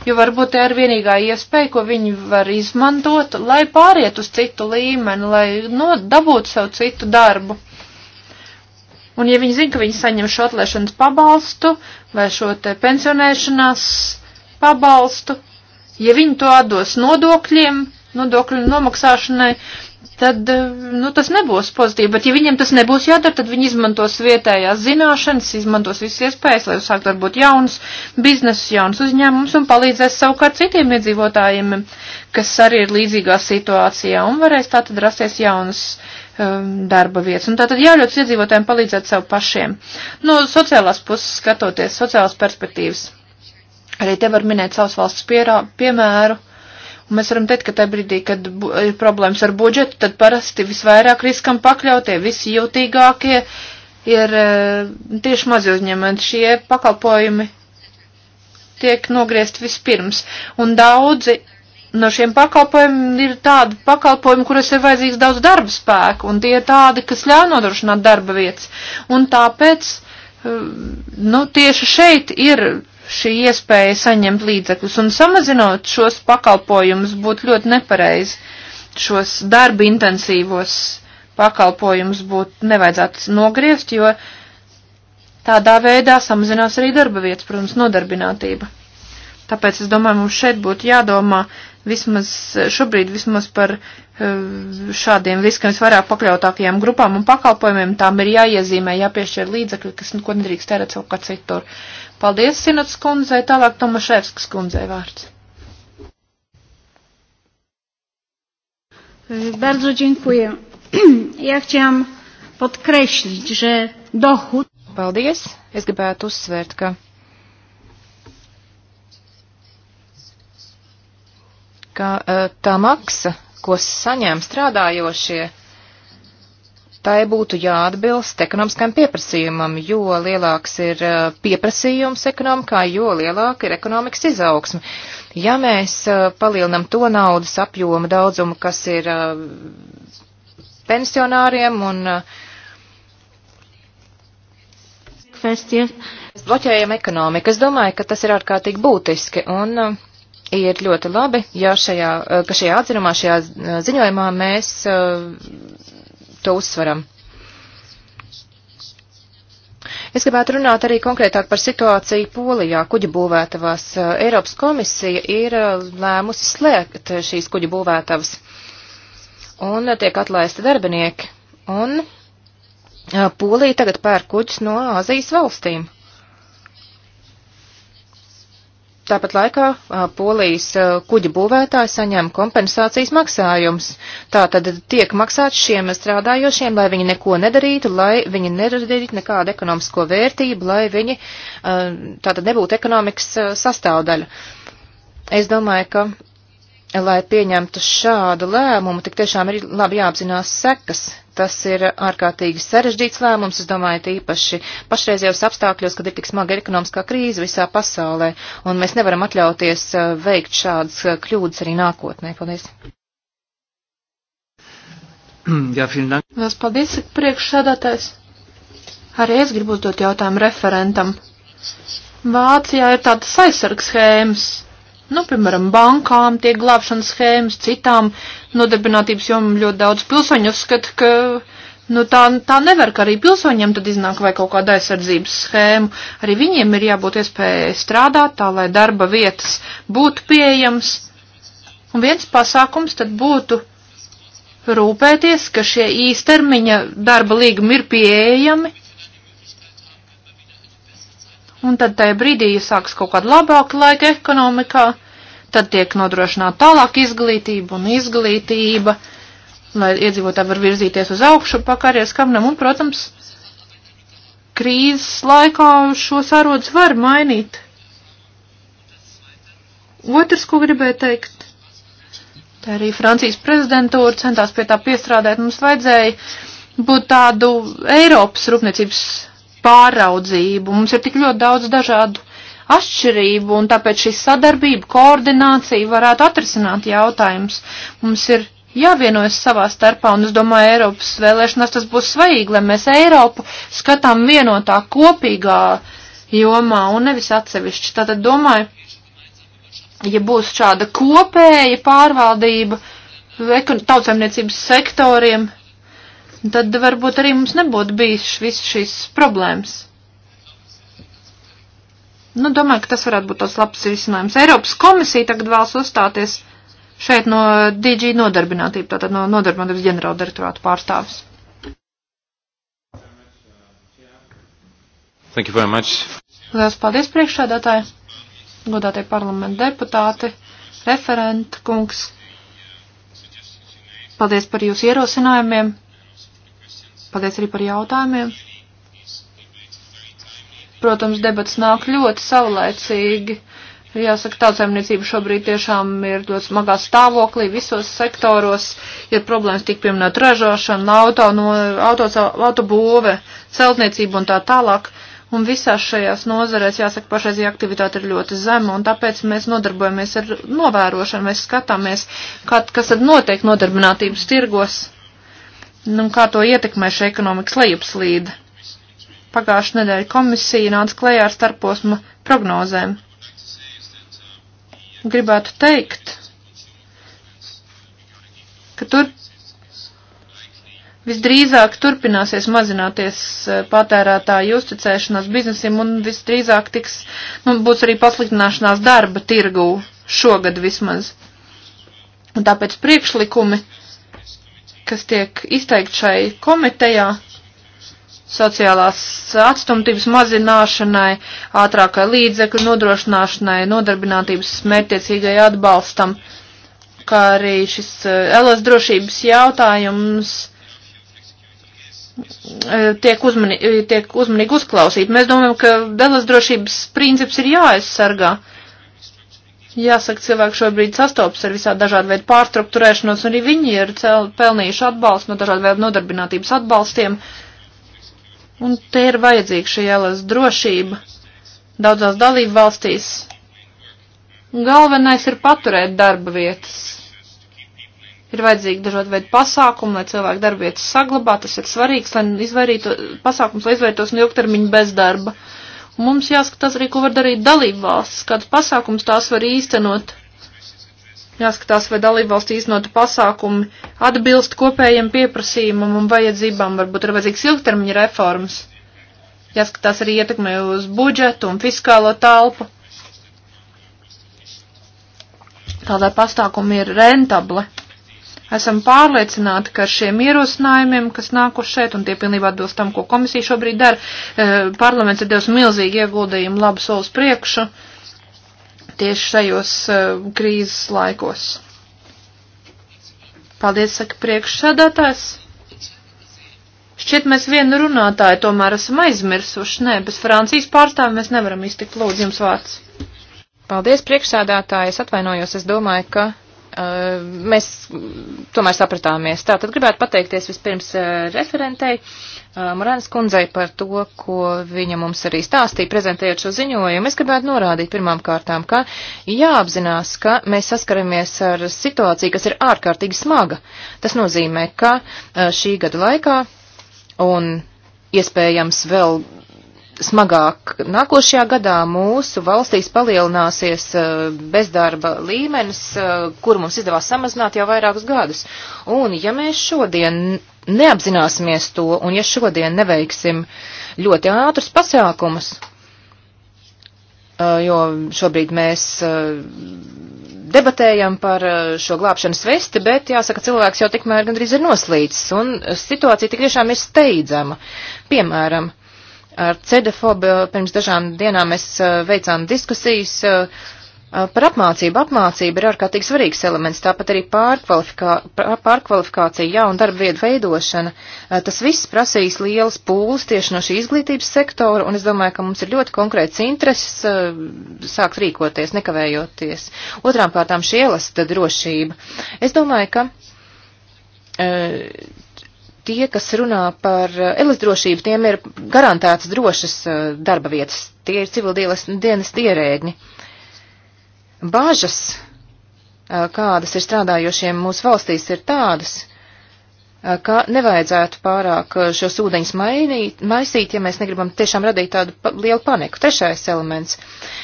jo varbūt tā ir vienīgā iespēja, ko viņi var izmantot, lai pāriet uz citu līmeni, lai no, dabūtu sev citu darbu. Un ja viņi zina, ka viņi saņem šo atlēšanas pabalstu vai šo te pensionēšanās pabalstu, ja viņi to atdos nodokļiem, nodokļu nomaksāšanai, tad, eh, nu, tas nebūs pozitīvi, bet ja viņiem tas nebūs jādara, tad viņi izmantos vietējās zināšanas, izmantos visas iespējas, lai uzsākt varbūt jaunus biznesus, jaunus uzņēmumus un palīdzēs savukārt citiem iedzīvotājiem, kas arī ir līdzīgā situācijā un varēs tātad rasties jaunas um, darba vietas. Un tātad jāļauts iedzīvotājiem palīdzēt sev pašiem. No sociālās puses skatoties, sociālās perspektīvas. Arī te var minēt savas valsts pierā, piemēru. Uh, Un mēs varam teikt, ka tajā brīdī, kad ir problēmas ar budžetu, tad parasti visvairāk riskam pakļautie, visi jūtīgākie ir eh, tieši mazi uzņēmumi. Šie pakalpojumi tiek nogriezt vispirms. Un daudzi no šiem pakalpojumiem ir tādi pakalpojumi, kuras ir vajadzīgs daudz darba spēku, un tie ir tādi, kas ļauj nodrošināt darba vietas. Un tāpēc, eh, nu, tieši šeit ir šī iespēja saņemt līdzekļus un samazinot šos pakalpojumus būtu ļoti nepareizi. Šos darba intensīvos pakalpojumus būtu nevajadzētu nogriezt, jo tādā veidā samazinās arī darba vietas, protams, nodarbinātība. Tāpēc es domāju, mums šeit būtu jādomā vismaz šobrīd vismaz par eh, šādiem riskam visvairāk pakļautākajām grupām un pakalpojumiem. Tām ir jāiezīmē, jāpiešķir līdzekļi, kas neko nedrīkst tērēt savukārt citur. Paldies, Sinots kundzei, tālāk Tomaševskas kundzei vārds. E, Bardzo dziękuję. Ja chciałam podkreślić, że dochód. Paldies. Es gribētu uzsvērt, ka, ka e, tā maksa, ko saņem strādājošie, tai būtu jāatbilst ekonomiskam pieprasījumam, jo lielāks ir uh, pieprasījums ekonomikā, jo lielāka ir ekonomikas izaugsme. Ja mēs uh, palielinam to naudas apjomu daudzumu, kas ir uh, pensionāriem un Kvesties. bloķējam ekonomiku, es domāju, ka tas ir ārkārtīgi būtiski. Un, Ir ļoti labi, ja šajā, ka šajā atzinumā, šajā ziņojumā mēs to uzsveram. Es gribētu runāt arī konkrētāk par situāciju Polijā. Kuģu būvētavās Eiropas komisija ir lēmusi slēgt šīs kuģu būvētavas. Un tiek atlaisti darbinieki. Un Polija tagad pēr kuģus no Āzijas valstīm. Tāpat laikā polijas kuģa būvētāji saņem kompensācijas maksājums. Tā tad tiek maksāts šiem strādājošiem, lai viņi neko nedarītu, lai viņi neradītu nekādu ekonomisko vērtību, lai viņi tātad nebūtu ekonomikas sastāvdaļa. Es domāju, ka, lai pieņemtu šādu lēmumu, tik tiešām ir labi jāapzinās sekas, Tas ir ārkārtīgi sarežģīts lēmums, es domāju, tīpaši pašreizējos apstākļos, kad ir tik smaga ekonomiskā krīze visā pasaulē, un mēs nevaram atļauties uh, veikt šādas uh, kļūdas arī nākotnē. Paldies! Jā, Finland. Lielas paldies, priekšsēdētājs. Arī es gribu uzdot jautājumu referentam. Vācijā ir tādas aizsargs schēmas Nu, piemēram, bankām tiek glābšanas schēmas, citām nodarbinātības jomām ļoti daudz pilsoņu uzskata, ka nu, tā, tā nevar, ka arī pilsoņiem tad iznāk vai kaut kāda aizsardzības schēma. Arī viņiem ir jābūt iespējai strādāt tā, lai darba vietas būtu pieejams. Un viens pasākums tad būtu rūpēties, ka šie īstermiņa darba līgumi ir pieejami un tad tajā brīdī, ja sāks kaut kāda labāka laika ekonomikā, tad tiek nodrošināta tālāk izglītība un izglītība, lai iedzīvotāji var virzīties uz augšu pa karjeras kamnam, un, protams, krīzes laikā šos ārodus var mainīt. Otrs, ko gribēju teikt, tā arī Francijas prezidentūra centās pie tā piestrādāt, mums vajadzēja būt tādu Eiropas rūpniecības pāraudzību. Mums ir tik ļoti daudz dažādu atšķirību, un tāpēc šī sadarbība, koordinācija varētu atrisināt jautājumus. Mums ir jāvienojas savā starpā, un es domāju, Eiropas vēlēšanās tas būs svaigi, lai mēs Eiropu skatām vienotā kopīgā jomā un nevis atsevišķi. Tātad domāju, ja būs šāda kopēja pārvaldība tautsēmniecības sektoriem, tad varbūt arī mums nebūtu bijis viss šīs problēmas. Nu, domāju, ka tas varētu būt tāds labs risinājums. Eiropas komisija tagad vēlas uzstāties šeit no DG nodarbinātība, tātad no nodarbinātības ģenerāla direktorāta pārstāvis. Thank you very much. Lielas paldies priekšsēdētāji, godātie parlamenta deputāti, referenta kungs. Paldies par jūsu ierosinājumiem. Paldies arī par jautājumiem. Protams, debats nāk ļoti saulēcīgi. Jāsaka, tautsēmniecība šobrīd tiešām ir ļoti smagā stāvoklī visos sektoros. Ir problēmas tik pieminēt ražošana, auto, no, auto, autobūve, celtniecība un tā tālāk. Un visās šajās nozarēs, jāsaka, pašreizie aktivitāte ir ļoti zema, un tāpēc mēs nodarbojamies ar novērošanu, mēs skatāmies, kā, kas tad notiek nodarbinātības tirgos Nu, kā to ietekmē šī ekonomikas lejupslīde? Pagājušā nedēļa komisija nāca klējā ar starposma prognozēm. Gribētu teikt, ka tur visdrīzāk turpināsies mazināties eh, patērētāju uzticēšanās biznesim un visdrīzāk tiks, nu, būs arī pasliktināšanās darba tirgū šogad vismaz. Un tāpēc priekšlikumi kas tiek izteikt šai komitejā sociālās atstumtības mazināšanai, ātrākai līdzekļu nodrošināšanai, nodarbinātības smērtiecīgai atbalstam, kā arī šis eh, LS drošības jautājums eh, tiek, uzmani, tiek uzmanīgi uzklausīt. Mēs domājam, ka LS drošības princips ir jāaizsargā. Uh, Jāsaka, cilvēki šobrīd sastopas ar visādi dažādu veidu pārstruktūrēšanos, un arī viņi ir cel, pelnījuši atbalstu no dažādu veidu nodarbinātības atbalstiem. Un te ir vajadzīga šī ielas drošība daudzās dalību valstīs. Galvenais ir paturēt darba vietas. Ir vajadzīgi dažādi veidi pasākumi, lai cilvēki darbvietas saglabā, tas ir svarīgs, lai izvairītu, pasākums, lai izvairītos no ilgtermiņa bezdarba. Uh, Mums jāskatās arī, ko var darīt dalībvalsts, kādas pasākums tās var īstenot. Jāskatās, vai dalībvalsts īstenota pasākumi atbilst kopējiem pieprasījumam un vajadzībām, varbūt ir vajadzīgs ilgtermiņa reformas. Jāskatās arī ietekmē uz budžetu un fiskālo talpu. Tādai pasākumi ir rentabli. Esam pārliecināti, ka ar šiem ierosinājumiem, kas nākuši šeit, un tie pilnībā atbilst tam, ko komisija šobrīd dara, eh, parlaments ir devis milzīgi ieguldījumu labu solus priekšu tieši šajos eh, krīzes laikos. Paldies, saka priekšsēdētājs. Šķiet, mēs vienu runātāju tomēr esam aizmirsuši. Nē, bez Francijas pārstāvja mēs nevaram iztikt. Lūdzu, jums vārds. Paldies, priekšsādātāji. Es atvainojos. Es domāju, ka Eh, mēs tomēr sapratāmies. Tā tad gribētu pateikties vispirms eh, referentei eh, Morānas kundzei par to, ko viņa mums arī stāstīja, prezentējot šo ziņojumu. Es gribētu norādīt pirmām kārtām, ka jāapzinās, ka mēs saskaramies ar situāciju, kas ir ārkārtīgi smaga. Tas nozīmē, ka šī gada laikā un iespējams vēl smagāk. Nākošajā gadā mūsu valstīs palielināsies eh, bezdarba līmenis, eh, kuru mums izdevās samazināt jau vairākus gadus. Un ja mēs šodien neapzināsimies to, un ja šodien neveiksim ļoti ātrus pasākumus, eh, jo šobrīd mēs debatējam par šo glābšanas vesti, bet jāsaka, cilvēks jau tikmēr gandrīz ir noslīdis, un situācija tik tiešām ir steidzama. Piemēram, uh, Ar CEDEFOB pirms dažām dienām mēs eh, veicām diskusijas eh, par apmācību. Apmācība ir ārkārtīgi svarīgs elements, tāpat arī pārkvalifikā, pārkvalifikācija, jauna darba vietu veidošana. Eh, tas viss prasīs liels pūles tieši no šī izglītības sektora, un es domāju, ka mums ir ļoti konkrēts intereses sākt rīkoties, nekavējoties. Otrām kārtām šī elasta drošība. Es domāju, ka tie, kas runā par eh, elektrošību, tiem ir garantēts drošas eh, darba vietas. Tie ir civildienas dienas ierēģi. Bāžas, eh, kādas ir strādājošiem mūsu valstīs, ir tādas, ka nevajadzētu pārāk šo sūdeņus mainīt, maisīt, ja mēs negribam tiešām radīt tādu pa lielu paniku. Trešais elements.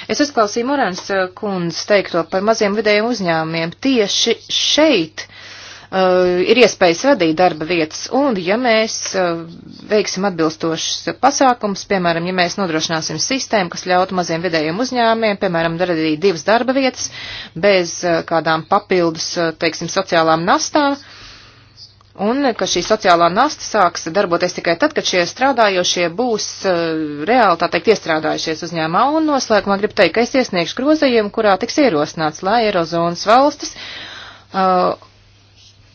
Es uzklausīju Morans kundzes teikto par maziem vidējiem uzņēmumiem. Tieši šeit Eh, ir iespējas radīt darba vietas, un ja mēs eh, veiksim atbilstošas pasākums, piemēram, ja mēs nodrošināsim sistēmu, kas ļautu maziem vidējiem uzņēmiem, piemēram, radīt divas darba vietas bez eh, kādām papildus, teiksim, sociālām nastām, un ka šī sociālā nasta sāks darboties tikai tad, kad šie strādājošie būs reāli, tā teikt, iestrādājušies uzņēmumā. Un noslēgumā gribu teikt, ka es iesniegšu grozījumu, kurā tiks ierosināts, lai Eirozonas valstis uh,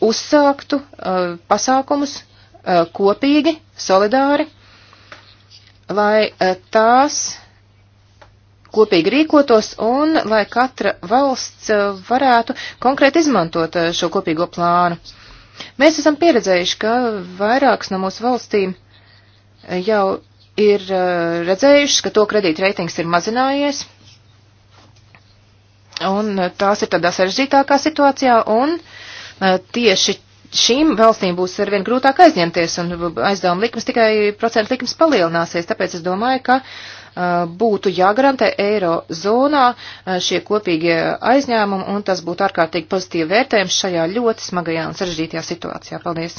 uzsāktu uh, pasākumus uh, kopīgi, solidāri, lai uh, tās kopīgi rīkotos un lai katra valsts uh, varētu konkrēti izmantot uh, šo kopīgo plānu. Mēs esam pieredzējuši, ka vairākas no mūsu valstīm uh, jau ir uh, redzējušas, ka to kredītreitings ir mazinājies, un uh, tās ir tādā sarežģītākā situācijā, un uh, Eh, tieši šīm valstīm būs arvien grūtāk aizņemties, un aizdevuma likmes tikai procentu likmes palielināsies. Tāpēc es domāju, ka eh, būtu jāgarantē eiro zonā eh, šie kopīgie aizņēmumi, un tas būtu ārkārtīgi pozitīvi vērtējums šajā ļoti smagajā un sarežģītajā situācijā. Paldies!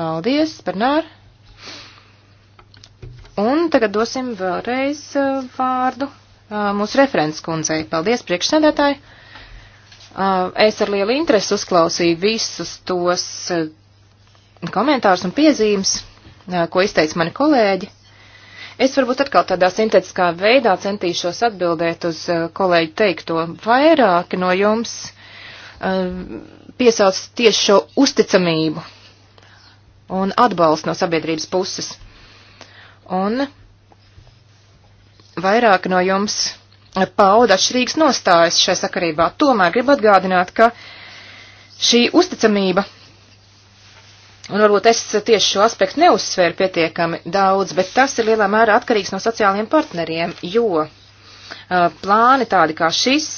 Paldies, Bernār! Un tagad dosim vēlreiz vārdu mūsu referents kundzei. Paldies, priekšsēdētāji! Uh, es ar lielu interesi uzklausīju visus tos uh, komentārus un piezīmes, uh, ko izteica mani kolēģi. Es varbūt atkal tādā sintetiskā veidā centīšos atbildēt uz kolēģi teikto. Vairāki no jums piesauc tieši šo uzticamību un atbalstu no sabiedrības puses. Un vairāki no jums pauda atšķirīgas nostājas šai sakarībā. Tomēr gribu atgādināt, ka šī uzticamība, un varbūt es tieši šo aspektu neuzsvēru pietiekami daudz, bet tas ir lielā mērā atkarīgs no sociālajiem partneriem, jo uh, plāni tādi kā šis,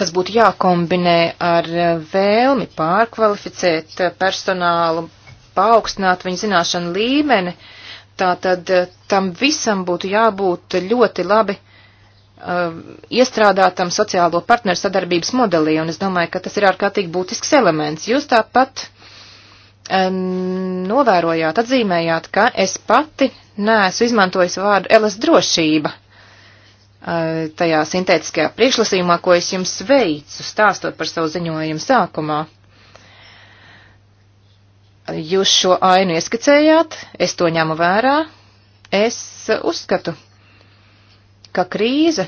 kas būtu jākombinē ar vēlmi pārkvalificēt personālu, paaugstināt viņu zināšanu līmeni, uh, Tātad eh, tam visam būtu jābūt ļoti labi uh, iestrādātam sociālo partneru sadarbības modelī, un es domāju, ka tas ir ārkārtīgi būtisks elements. Jūs tāpat uh, novērojāt, atzīmējāt, ka es pati neesmu izmantojis vārdu elas drošība uh, tajā sintētiskajā priekšlasījumā, ko es jums veicu, stāstot par savu ziņojumu sākumā. Jūs šo ainu ieskicējāt, es to ņemu vērā. Es uzskatu, ka krīze,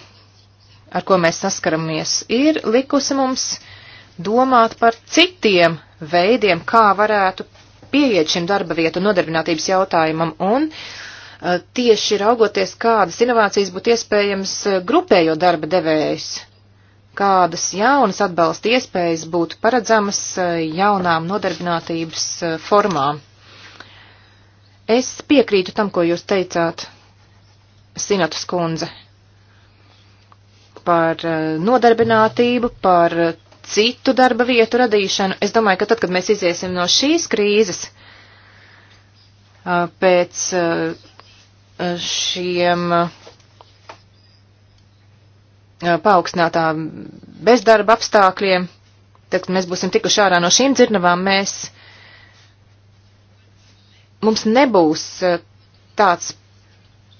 ar ko mēs saskaramies, ir likusi mums domāt par citiem veidiem, kā varētu pieiet šim darba vietu nodarbinātības jautājumam un eh, tieši raugoties, kādas inovācijas būtu iespējams eh, grupējo darba devējs kādas jaunas atbalsta iespējas būtu paredzamas eh, jaunām nodarbinātības eh, formām. Es piekrītu tam, ko jūs teicāt, Sinatus kundze, par eh, nodarbinātību, par citu darba vietu radīšanu. Es domāju, ka tad, kad mēs iziesim no šīs krīzes, pēc šiem paaugstinātā bezdarba apstākļiem, tad, kad mēs būsim tikuši ārā no šīm dzirnavām, mēs, mums nebūs tāds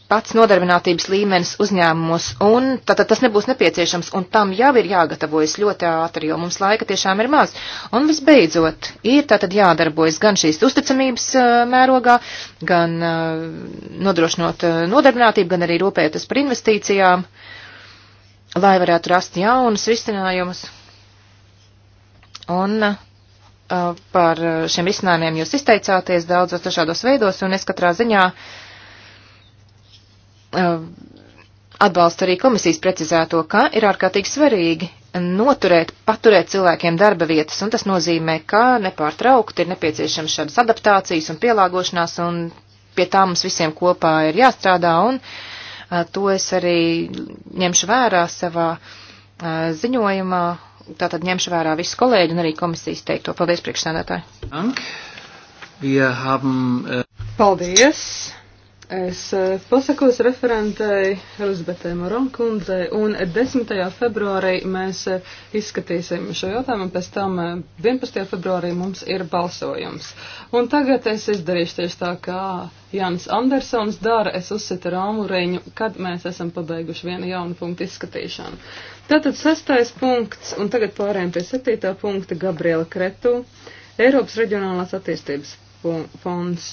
pats nodarbinātības līmenis uzņēmumos, un tātad tas nebūs nepieciešams, un tam jau ir jāgatavojas ļoti ātri, jo mums laika tiešām ir maz. Un visbeidzot, ir tātad jādarbojas gan šīs uzticamības mērogā, gan nodrošinot nodarbinātību, gan arī rūpēties par investīcijām. Uh, lai varētu rast jaunus risinājumus. Un uh, par šiem risinājumiem jūs izteicāties daudzos dažādos veidos, un es katrā ziņā uh, atbalstu arī komisijas precizēto, ka ir ārkārtīgi svarīgi noturēt, paturēt cilvēkiem darba vietas, un tas nozīmē, ka nepārtraukti ir nepieciešams šādas adaptācijas un pielāgošanās, un pie tā mums visiem kopā ir jāstrādā, un uh, To es arī ņemšu vērā savā ziņojumā. Tātad ņemšu vērā visu kolēģi un arī komisijas teikto. Paldies, priekšsēdētāji. Paldies. Es eh, pasakos referentei Elizabetei Moronkundzei, un 10. februārī mēs eh, izskatīsim šo jautājumu, un pēc tam 11. Eh, februārī mums ir balsojums. Un tagad es izdarīšu tieši tā, kā Jans Andersons dara, es uzsitu rāmuriņu, kad mēs esam pabeiguši vienu jaunu punktu izskatīšanu. Tātad sastais punkts, un tagad pārējām pie septītā punkta Gabriela Kretu, Eiropas reģionālās attīstības fonds.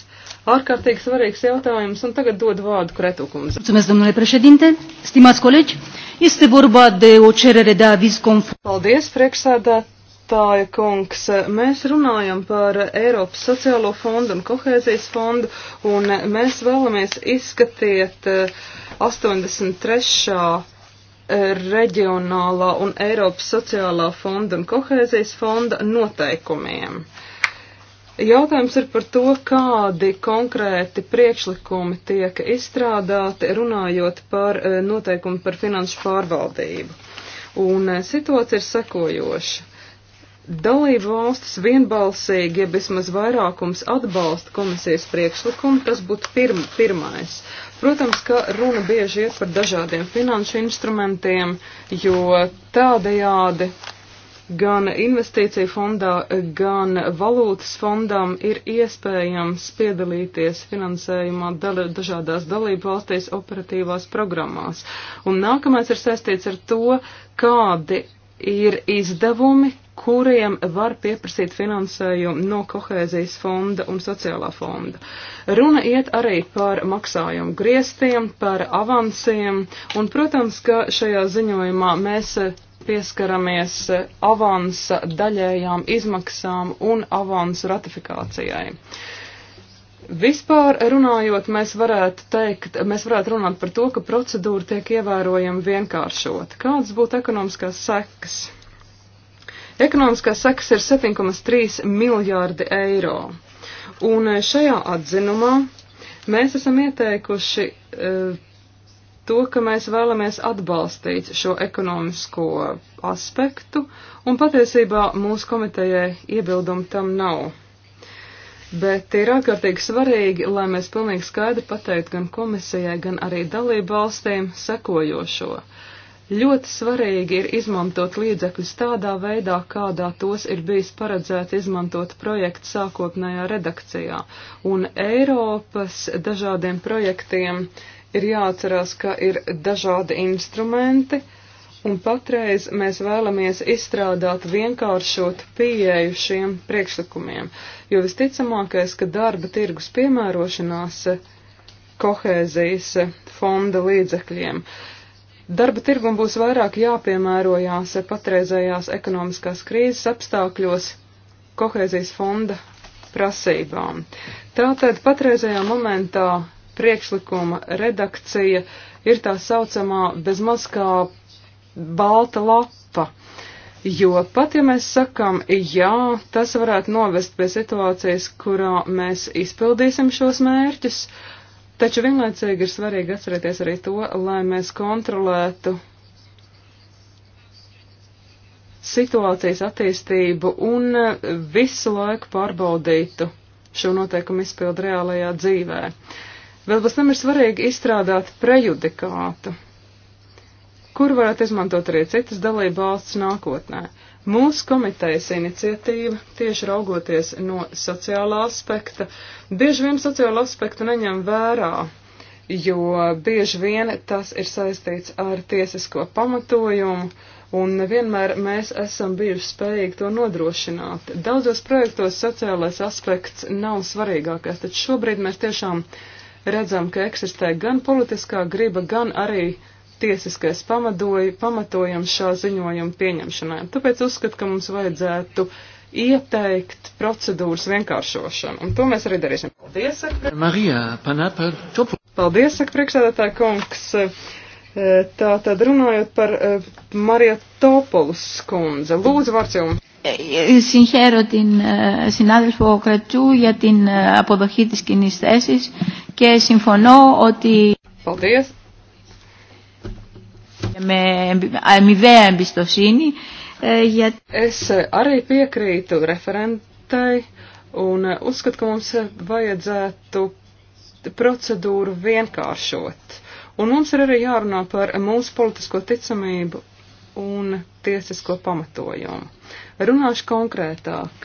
Ārkārtīgi svarīgs jautājums, un tagad dod vārdu Kretukums. Mulțumesc, domnule președinte, stimați colegi, este vorba de o cerere de aviz conform. Paldies, priekšsēdētāja kungs. Mēs runājam par Eiropas sociālo fondu un kohēzijas fondu, un mēs vēlamies izskatiet 83 eh, eh, reģionālā un Eiropas sociālā fonda un kohēzijas fonda noteikumiem. Jautājums ir par to, kādi konkrēti priekšlikumi tiek izstrādāti, runājot par eh, noteikumu par finanšu pārvaldību. Un eh, situācija ir sekojoša. Dalību valstis vienbalsīgi, ja vismaz vairākums atbalsta komisijas priekšlikumu, tas būtu pirm, pirmais. Protams, ka runa bieži iet par dažādiem finanšu instrumentiem, jo tādējādi gan investīciju fondā, gan valūtas fondam ir iespējams piedalīties finansējumā dal dažādās dalību valstīs operatīvās programmās. Un nākamais ir saistīts ar to, kādi ir izdevumi, kuriem var pieprasīt finansējumu no kohēzijas fonda un sociālā fonda. Runa iet arī par maksājumu griestiem, par avansiem, un, protams, ka šajā ziņojumā mēs pieskaramies avansa daļējām izmaksām un avansu ratifikācijai. Vispār runājot, mēs varētu teikt, mēs varētu runāt par to, ka procedūra tiek ievērojami vienkāršota. Kādas būtu ekonomiskās sekas? Ekonomiskās sekas ir 7,3 miljārdi eiro. Un šajā atzinumā mēs esam ieteikuši uh, to, ka mēs vēlamies atbalstīt šo ekonomisko aspektu, un patiesībā mūsu komitejai iebildumu tam nav. Bet ir ārkārtīgi svarīgi, lai mēs pilnīgi skaidri pateiktu gan komisijai, gan arī dalību valstīm sekojošo. Ļoti svarīgi ir izmantot līdzekļus tādā veidā, kādā tos ir bijis paredzēts izmantot projekta sākotnējā redakcijā, un Eiropas dažādiem projektiem uh, ir jāatcerās, ka ir dažādi instrumenti, un patreiz mēs vēlamies izstrādāt vienkāršot pieeju šiem priekšlikumiem, jo visticamākais, ka darba tirgus piemērošanās kohēzijas fonda līdzekļiem. Darba tirgum būs vairāk jāpiemērojās patreizējās ekonomiskās krīzes apstākļos kohēzijas fonda prasībām. Tātad patreizajā momentā priekšlikuma redakcija ir tā saucamā bezmaz kā balta lapa. Jo pat ja mēs sakam, jā, tas varētu novest pie situācijas, kurā mēs izpildīsim šos mērķus, taču vienlaicīgi ir svarīgi atcerēties arī to, lai mēs kontrolētu situācijas attīstību un visu laiku pārbaudītu šo noteikumu izpildu reālajā dzīvē. Uh, Vēl bez tam ir svarīgi izstrādāt prejudikātu, kur varētu izmantot arī citas dalība valsts nākotnē. Mūsu komitejas iniciatīva, tieši raugoties no sociālā aspekta, bieži vien sociālo aspektu neņem vērā, jo bieži vien tas ir saistīts ar tiesisko pamatojumu, un nevienmēr mēs esam bijuši spējīgi to nodrošināt. Daudzos projektos sociālais aspekts nav svarīgākais, taču šobrīd mēs tiešām uh, redzam, ka eksistē gan politiskā griba, gan arī tiesiskais pamadoja, pamatojums šā ziņojuma pieņemšanai. Tāpēc uzskatu, ka mums vajadzētu ieteikt procedūras vienkāršošanu, un to mēs arī darīsim. Paldies, saka, Marija, panāpa, čupu. Paldies, saka priekšsēdētāja kungs. Tā tad runājot par eh, Marija Topolus kundze. Lūdzu, vārds jums. Συγχαίρω την συνάδελφο Κρατσού για την αποδοχή της κοινή θέση και συμφωνώ ότι Paldies. με αμοιβαία εμπιστοσύνη για... Es arī piekrītu referentai un uzskatu, ka mums vajadzētu procedūru vienkāršot. Un mums ir arī jārunā par mūsu politisko ticamību un tiesisko pamatojumu. Runāšu konkrētāk.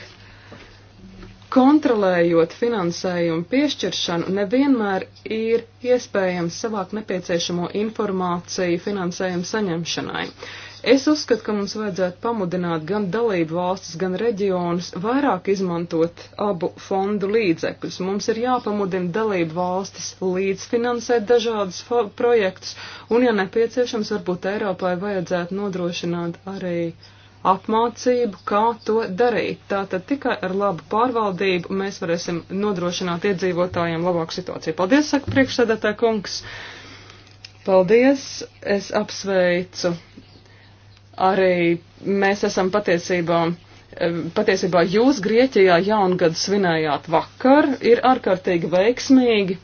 Kontrolējot finansējumu piešķiršanu, nevienmēr ir iespējams savākt nepieciešamo informāciju finansējumu saņemšanai. Es uzskatu, ka mums vajadzētu pamudināt gan dalību valstis, gan reģionus vairāk izmantot abu fondu līdzekļus. Mums ir jāpamudina dalību valstis līdzfinansēt dažādus projektus, un, ja nepieciešams, varbūt Eiropai vajadzētu nodrošināt arī uh, apmācību, kā to darīt. Tātad tikai ar labu pārvaldību mēs varēsim nodrošināt iedzīvotājiem labāku situāciju. Paldies, saka priekšsēdētā kungs. Paldies, es apsveicu. Arī mēs esam patiesībā eh, patiesībā jūs Grieķijā jaungadu svinējāt vakar, ir ārkārtīgi veiksmīgi,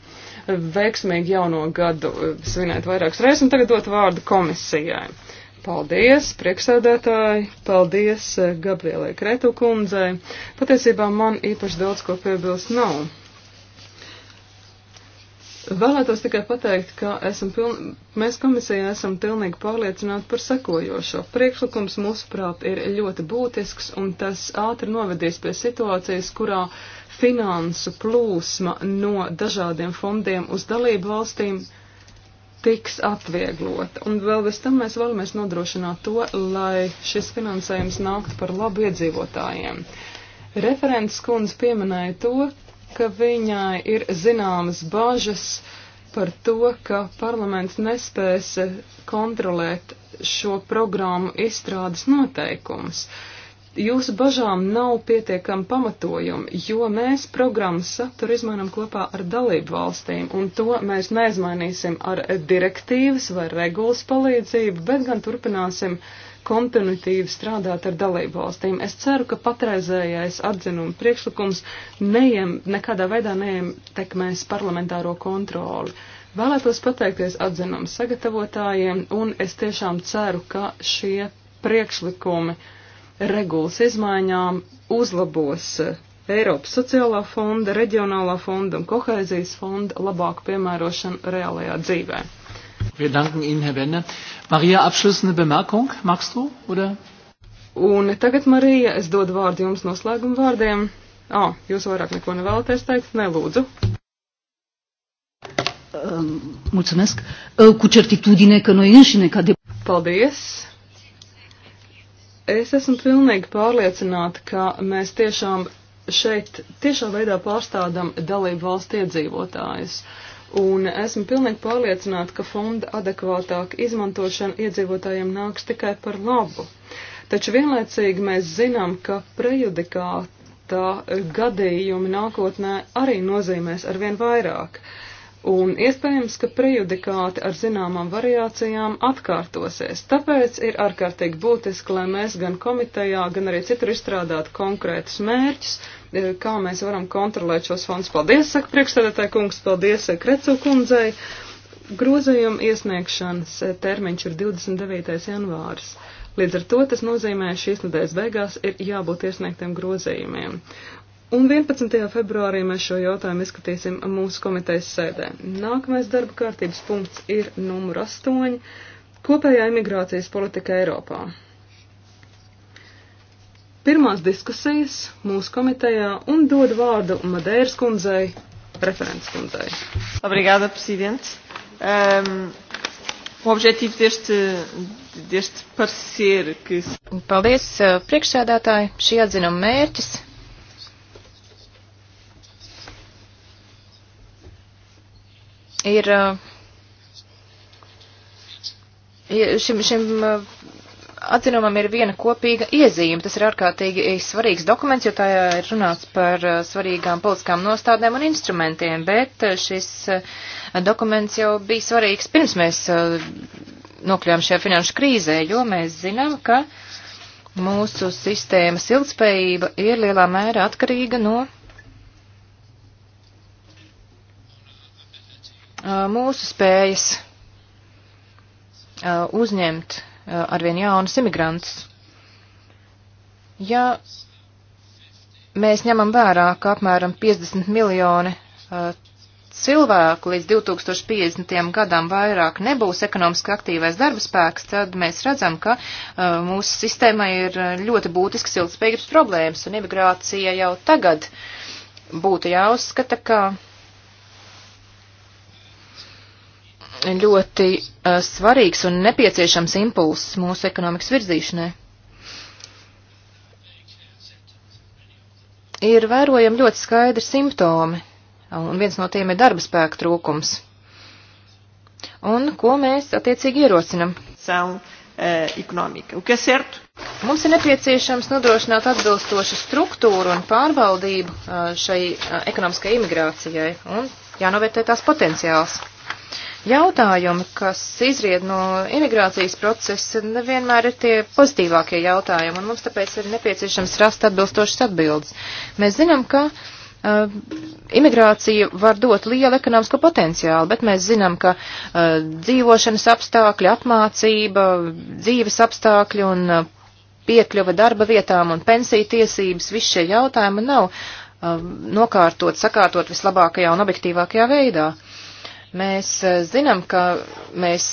veiksmīgi jauno gadu eh, svinēt vairākas reizes un tagad dot vārdu komisijai. Paldies, priekšsēdētāji, paldies eh, Gabrielai Kretu kundzei. Patiesībā man īpaši daudz ko piebilst nav. Vēlētos tikai pateikt, ka esam piln... mēs komisijā esam pilnīgi pārliecināti par sekojošo. Priekšlikums mūsuprāt ir ļoti būtisks un tas ātri novedīs pie situācijas, kurā finansu plūsma no dažādiem fondiem uz dalību valstīm tiks atvieglota. Un vēl bez tam mēs vēlamies nodrošināt to, lai šis finansējums nāktu par labu iedzīvotājiem. Referents kundze pieminēja to, ka viņai ir zināmas bažas par to, ka parlaments nespēs kontrolēt šo programmu izstrādes noteikumus. Uh, jūsu bažām nav pietiekami pamatojumi, jo mēs programmas saturu izmainām kopā ar dalību valstīm, un to mēs neizmainīsim ar direktīvas vai regulas palīdzību, bet gan turpināsim kontinuitīvi strādāt ar dalību valstīm. Es ceru, ka patreizējais atzinuma priekšlikums neiem, nekādā veidā neietekmēs parlamentāro kontroli. Vēlētos pateikties atzinuma sagatavotājiem, un es tiešām ceru, ka šie priekšlikumi uh, regulas izmaiņām uzlabos eh, Eiropas sociālā fonda, reģionālā fonda un kohēzijas fonda labāku piemērošanu reālajā dzīvē. Wir danken Ihnen, Herr Bender. Maria, abschließende Bemerkung, magst du, oder? Un tagad, Marija, es dodu vārdu jums noslēguma vārdiem. Ā, ah, jūs vairāk neko nevēlaties teikt? Nelūdzu. Mulțumesc. Cu certitudine că noi înșine, ca de... Paldies. Es esmu pilnīgi pārliecināta, ka mēs tiešām šeit tiešā veidā pārstādam dalību valstu iedzīvotājus. Un esmu pilnīgi pārliecināta, ka fonda adekvātāka izmantošana iedzīvotājiem nāks tikai par labu. Taču vienlaicīgi mēs zinām, ka prejudikāta gadījumi nākotnē arī nozīmēs arvien vairāk. Uh, un iespējams, ka prejudikāti ar zināmām variācijām atkārtosies. Tāpēc ir ārkārtīgi būtiski, lai mēs gan komitejā, gan arī citur izstrādātu konkrētus mērķus, e, kā mēs varam kontrolēt šos fondus. Paldies, saka priekšstādātāja kungs, paldies, saka Recu kundzei. Grozījuma iesniegšanas e, termiņš ir 29. janvāris. Līdz ar to tas nozīmē, šīs nedēļas beigās ir jābūt iesniegtiem grozījumiem. Un 11. februārī mēs šo jautājumu izskatīsim mūsu komitejas sēdē. Nākamais darba kārtības punkts ir numur 8 - kopējā imigrācijas politika Eiropā. Pirmās diskusijas mūsu komitejā un dod vārdu Madeiras kundzei, referents kundzei. Obrigada, presidents. Um, ehm, o objetivo deste, deste parecer que... Paldies, eh, priekšsēdētāji. Šī atzinuma mērķis ir uh, šim, šim uh, atzinumam ir viena kopīga iezīme. Tas ir ārkārtīgi svarīgs dokuments, jo tā ir runāts par uh, svarīgām politiskām nostādēm un instrumentiem, bet šis dokuments jau bija svarīgs pirms mēs nokļuvām šajā finanšu krīzē, jo mēs zinām, ka mūsu sistēmas ilgspējība ir lielā mērā atkarīga no Uh, mūsu spējas uh, uzņemt uh, arvien jaunus imigrantus. Ja mēs ņemam vērā, ka apmēram 50 miljoni cilvēku līdz 2050. gadam vairāk nebūs ekonomiski aktīvais darba spēks, tad mēs redzam, ka uh, mūsu sistēmai ir ļoti būtisks ilgspējības problēmas, un imigrācija jau tagad būtu jāuzskata, ka ļoti uh, svarīgs un nepieciešams impulss mūsu ekonomikas virzīšanai. Ir vērojami ļoti skaidri simptomi, un viens no tiem ir darba spēka trūkums. Un ko mēs attiecīgi ierosinam? Sound ekonomika. Eh, o que é certo? Mums ir nepieciešams nodrošināt atbilstošu struktūru un pārvaldību eh, šai ekonomiskajai imigrācijai un jānovērtē tās potenciāls jautājumi, kas izried no imigrācijas procesa, nevienmēr ir tie pozitīvākie jautājumi, un mums tāpēc ir nepieciešams rast atbilstošas atbildes. Mēs zinām, ka uh, imigrācija var dot lielu ekonomisko potenciālu, bet mēs zinām, ka uh, dzīvošanas apstākļi, apmācība, dzīves apstākļi un uh, piekļuva darba vietām un pensiju tiesības, visi šie jautājumi nav uh, nokārtot, sakārtot vislabākajā un objektīvākajā veidā. Uh, Mēs eh, zinām, ka mēs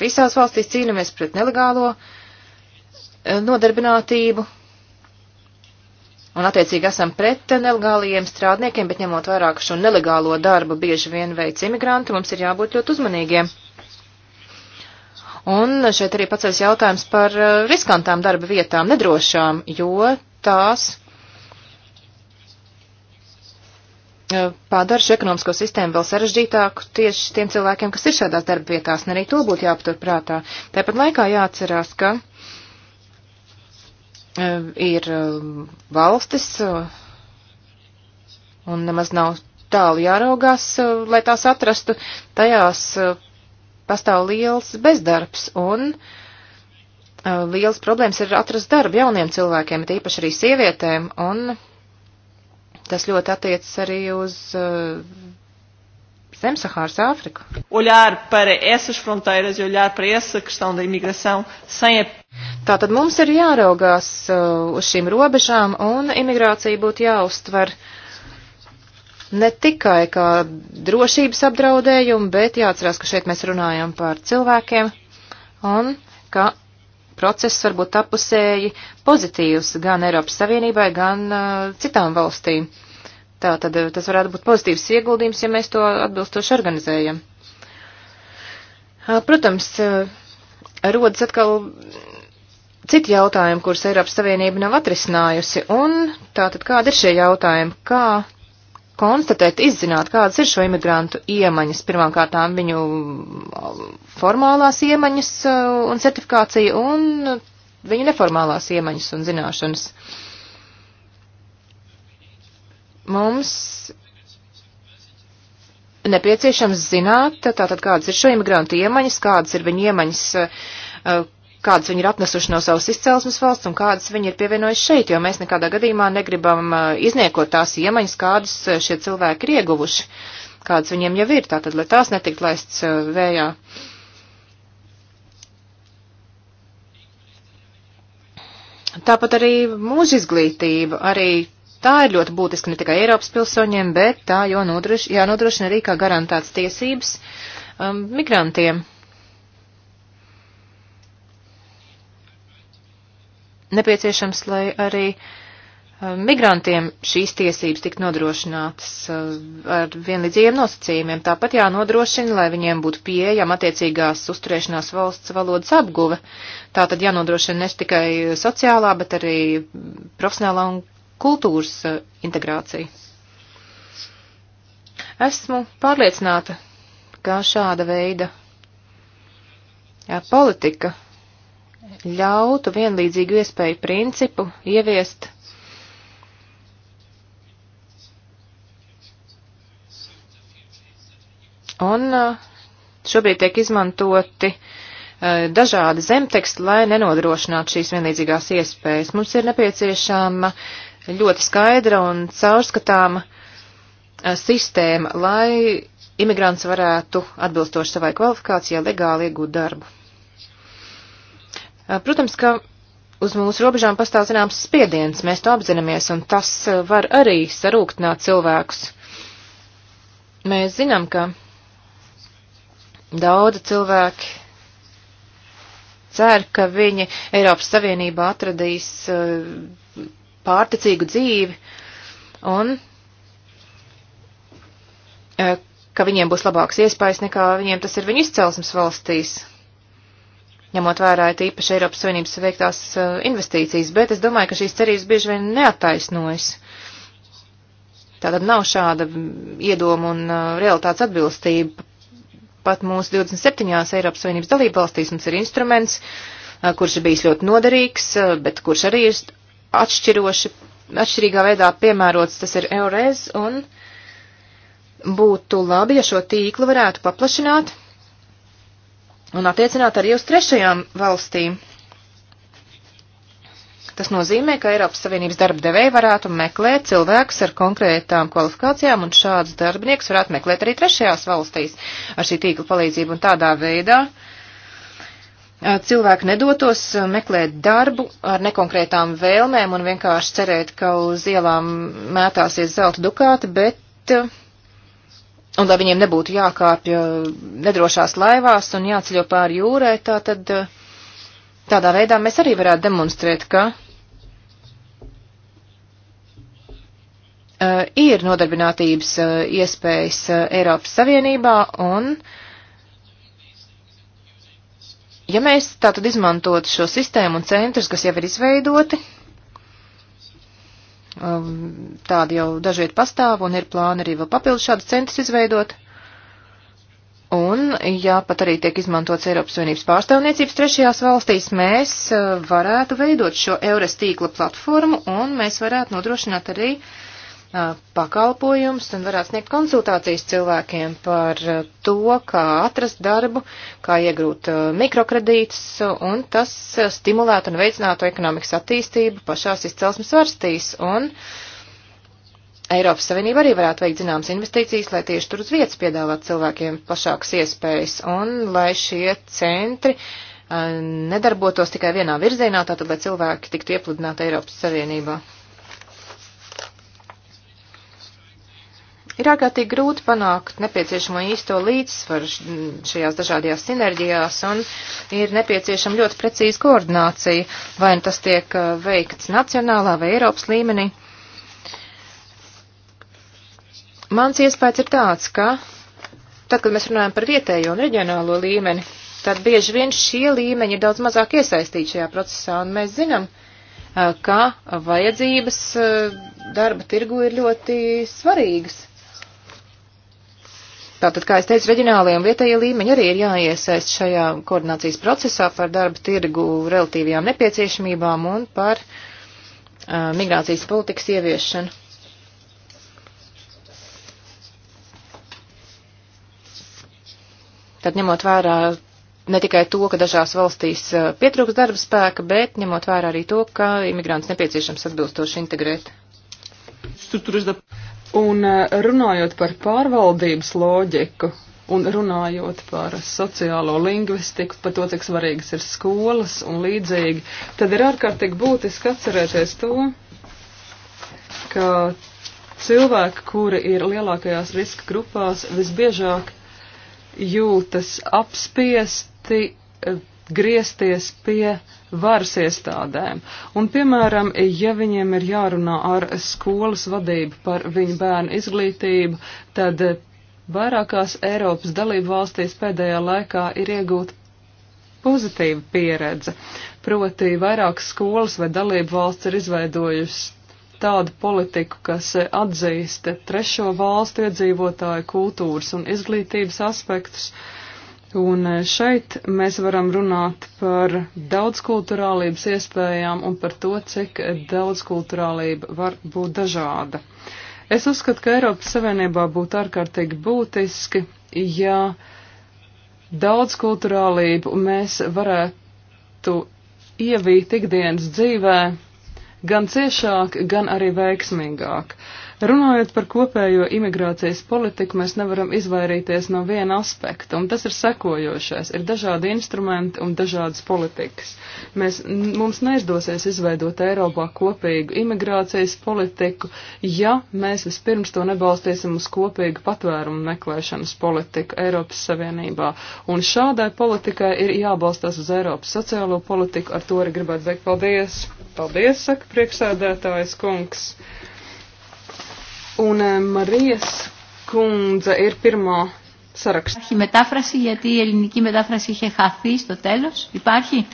visās valstīs cīnāmies pret nelegālo eh, nodarbinātību un attiecīgi esam pret nelegālajiem strādniekiem, bet ņemot vairāk šo nelegālo darbu bieži vien veic imigranti, mums ir jābūt ļoti uzmanīgiem. Un šeit arī paceļas jautājums par eh, riskantām darba vietām, nedrošām, jo tās padara šo ekonomisko sistēmu vēl sarežģītāku tieši tiem cilvēkiem, kas ir šādās darba vietās, un arī to būtu jāpatur prātā. Tāpat laikā jāatcerās, ka e, ir e, valstis, e, un nemaz nav tālu jāraugās, lai tās atrastu, tajās pastāv liels bezdarbs, un liels problēmas ir atrast darbu jauniem cilvēkiem, tīpaši arī sievietēm, un Tas ļoti attiecas arī uz uh, Zemsahāras Āfriku. Olhar para essas fronteiras e olhar para essa questão da imigração sem a... Tātad mums ir jāraugās uh, uz šīm robežām un imigrācija būtu jāuztver ne tikai kā drošības apdraudējumu, bet jāatcerās, ka šeit mēs runājam par cilvēkiem un ka process var būt apusēji pozitīvs gan Eiropas Savienībai, gan uh, citām valstīm. Tā tad uh, tas varētu būt pozitīvs ieguldījums, ja mēs to atbilstoši organizējam. Uh, protams, rodas atkal citi jautājumi, kurus Eiropas Savienība nav atrisinājusi, un tātad kādi ir šie jautājumi, kā konstatēt, izzināt, kādas ir šo imigrantu iemaņas, pirmkārtām viņu uh, formālās iemaņas uh, un certifikācija un uh, viņu neformālās iemaņas un zināšanas. Mums nepieciešams zināt, tātad kādas ir šo imigrantu iemaņas, kādas ir viņu iemaņas kādas viņi ir atnesuši no savas izcelsmes valsts un kādas viņi ir pievienojuši šeit, jo mēs nekādā gadījumā negribam uh, izniekot tās iemaņas, kādas uh, šie cilvēki ir ieguvuši, kādas viņiem jau ir, tātad, lai tās netikt laists uh, vējā. Tāpat arī mūža izglītība, arī tā ir ļoti būtiska ne tikai Eiropas pilsoņiem, bet tā jau nodrošina, jānodrošina arī kā garantēts tiesības um, migrantiem. nepieciešams, lai arī uh, migrantiem šīs tiesības tik nodrošinātas uh, ar vienlīdzīgiem nosacījumiem. Tāpat jānodrošina, lai viņiem būtu pieejama attiecīgās uzturēšanās valsts valodas apguve. Tā tad jānodrošina ne tikai sociālā, bet arī profesionālā un kultūras uh, integrācija. Esmu pārliecināta, ka šāda veida politika ļautu vienlīdzīgu iespēju principu ieviest un šobrīd tiek izmantoti dažādi zemteksti, lai nenodrošinātu šīs vienlīdzīgās iespējas. Mums ir nepieciešama ļoti skaidra un caurskatāma sistēma, lai imigrants varētu atbilstoši savai kvalifikācijai legāli iegūt darbu. Eh, protams, ka uz mūsu robežām pastāv zināms spiediens, mēs to apzināmies, un tas eh, var arī sarūktināt cilvēkus. Mēs zinām, ka daudzi cilvēki cer, ka viņi Eiropas Savienībā atradīs eh, pārticīgu dzīvi un ka viņiem būs labāks iespējas nekā viņiem tas ir viņu izcelsmes valstīs ņemot vērā īpaši Eiropas Savienības veiktās investīcijas, bet es domāju, ka šīs cerības bieži vien neattaisnojas. Tātad nav šāda iedoma un realitātes atbilstība. Pat mūsu 27. Eiropas Savienības dalība valstīs mums ir instruments, kurš ir bijis ļoti noderīgs, bet kurš arī ir atšķiroši, atšķirīgā veidā piemērots, tas ir Eurez, un būtu labi, ja šo tīklu varētu paplašināt un attiecināt arī uz trešajām valstīm. Tas nozīmē, ka Eiropas Savienības darba devēja varētu meklēt cilvēkus ar konkrētām kvalifikācijām, un šādus darbinieks varētu meklēt arī trešajās valstīs ar šī tīkla palīdzību, un tādā veidā cilvēki nedotos meklēt darbu ar nekonkrētām vēlmēm un vienkārši cerēt, ka uz ielām mētāsies zelta dukāti, bet un lai viņiem nebūtu jākāpja eh, nedrošās laivās un jāceļo pāri jūrai, tā tad eh, tādā veidā mēs arī varētu demonstrēt, ka uh, ir nodarbinātības uh, iespējas uh, Eiropas Savienībā un Ja mēs tātad izmantotu šo sistēmu un centrus, kas jau ir izveidoti, Um, tādi jau dažviet pastāv un ir plāni arī vēl papildus šādas centrus izveidot. Un, ja pat arī tiek izmantots Eiropas Savienības pārstāvniecības trešajās valstīs, mēs uh, varētu veidot šo Eures tīkla platformu un mēs varētu nodrošināt arī uh, pakalpojumus un varētu sniegt konsultācijas cilvēkiem par to, kā atrast darbu, kā iegūt mikrokredītus, un tas stimulētu un veicinātu ekonomikas attīstību pašās izcelsmes varstīs. Un Eiropas Savienība arī varētu veikt zināmas investīcijas, lai tieši tur uz vietas piedāvātu cilvēkiem plašākas iespējas, un lai šie centri nedarbotos tikai vienā virzienā, tātad, lai cilvēki tiktu iepludināti Eiropas Savienībā. Ir ārkārtīgi grūti panākt nepieciešamo īsto līdzsvaru šajās dažādajās sinerģijās un ir nepieciešama ļoti precīza koordinācija, vai nu tas tiek veikts nacionālā vai Eiropas līmenī. Mans iespējas ir tāds, ka tad, kad mēs runājam par vietējo un reģionālo līmeni, tad bieži vien šie līmeņi ir daudz mazāk iesaistīti šajā procesā un mēs zinām, ka vajadzības darba tirgu ir ļoti svarīgas. Tātad, kā es teicu, reģionālajie un vietējie līmeņi arī ir jāiesaist šajā koordinācijas procesā par darba tirgu relatīvajām nepieciešamībām un par uh, migrācijas politikas ieviešanu. Tad ņemot vērā ne tikai to, ka dažās valstīs pietrūks darba spēka, bet ņemot vērā arī to, ka imigrants nepieciešams atbilstoši integrēt. Un eh, runājot par pārvaldības loģiku un runājot par sociālo lingvistiku, par to, cik svarīgas ir skolas un līdzīgi, tad ir ārkārtīgi būtiski atcerēties to, ka cilvēki, kuri ir lielākajās riska grupās, visbiežāk jūtas apspiesti, eh, griezties pie uh, varas iestādēm. Un, piemēram, ja viņiem ir jārunā ar skolas vadību par viņu bērnu izglītību, tad vairākās Eiropas dalību valstīs pēdējā laikā ir iegūta pozitīva pieredze. Proti, vairākas skolas vai dalību valsts ir izveidojušas tādu politiku, kas atzīst trešo valstu iedzīvotāju kultūras un izglītības aspektus, uh, Un eh, šeit mēs varam runāt par daudzkulturālības iespējām un par to, cik daudzkulturālība var būt dažāda. Es uzskatu, ka Eiropas Savienībā būtu ārkārtīgi būtiski, ja daudzkulturālību mēs varētu ievīt ikdienas dzīvē gan ciešāk, gan arī veiksmīgāk. Uh, Runājot par kopējo imigrācijas politiku, mēs nevaram izvairīties no viena aspekta, un tas ir sekojošais. Ir dažādi instrumenti un dažādas politikas. Mēs, mums neizdosies izveidot Eiropā kopīgu imigrācijas politiku, ja mēs vispirms to nebalstīsim uz kopīgu patvērumu meklēšanas politiku Eiropas Savienībā. Un šādai politikai ir jābalstās uz Eiropas sociālo politiku. Ar to arī gribētu teikt paldies. Paldies, saka priekšsēdētājs kungs. Un eh, Marijas kundze ir pirmā sarakstā. Υπάρχει μετάφραση γιατί η ελληνική μετάφραση είχε χαθεί στο τέλος. Υπάρχει.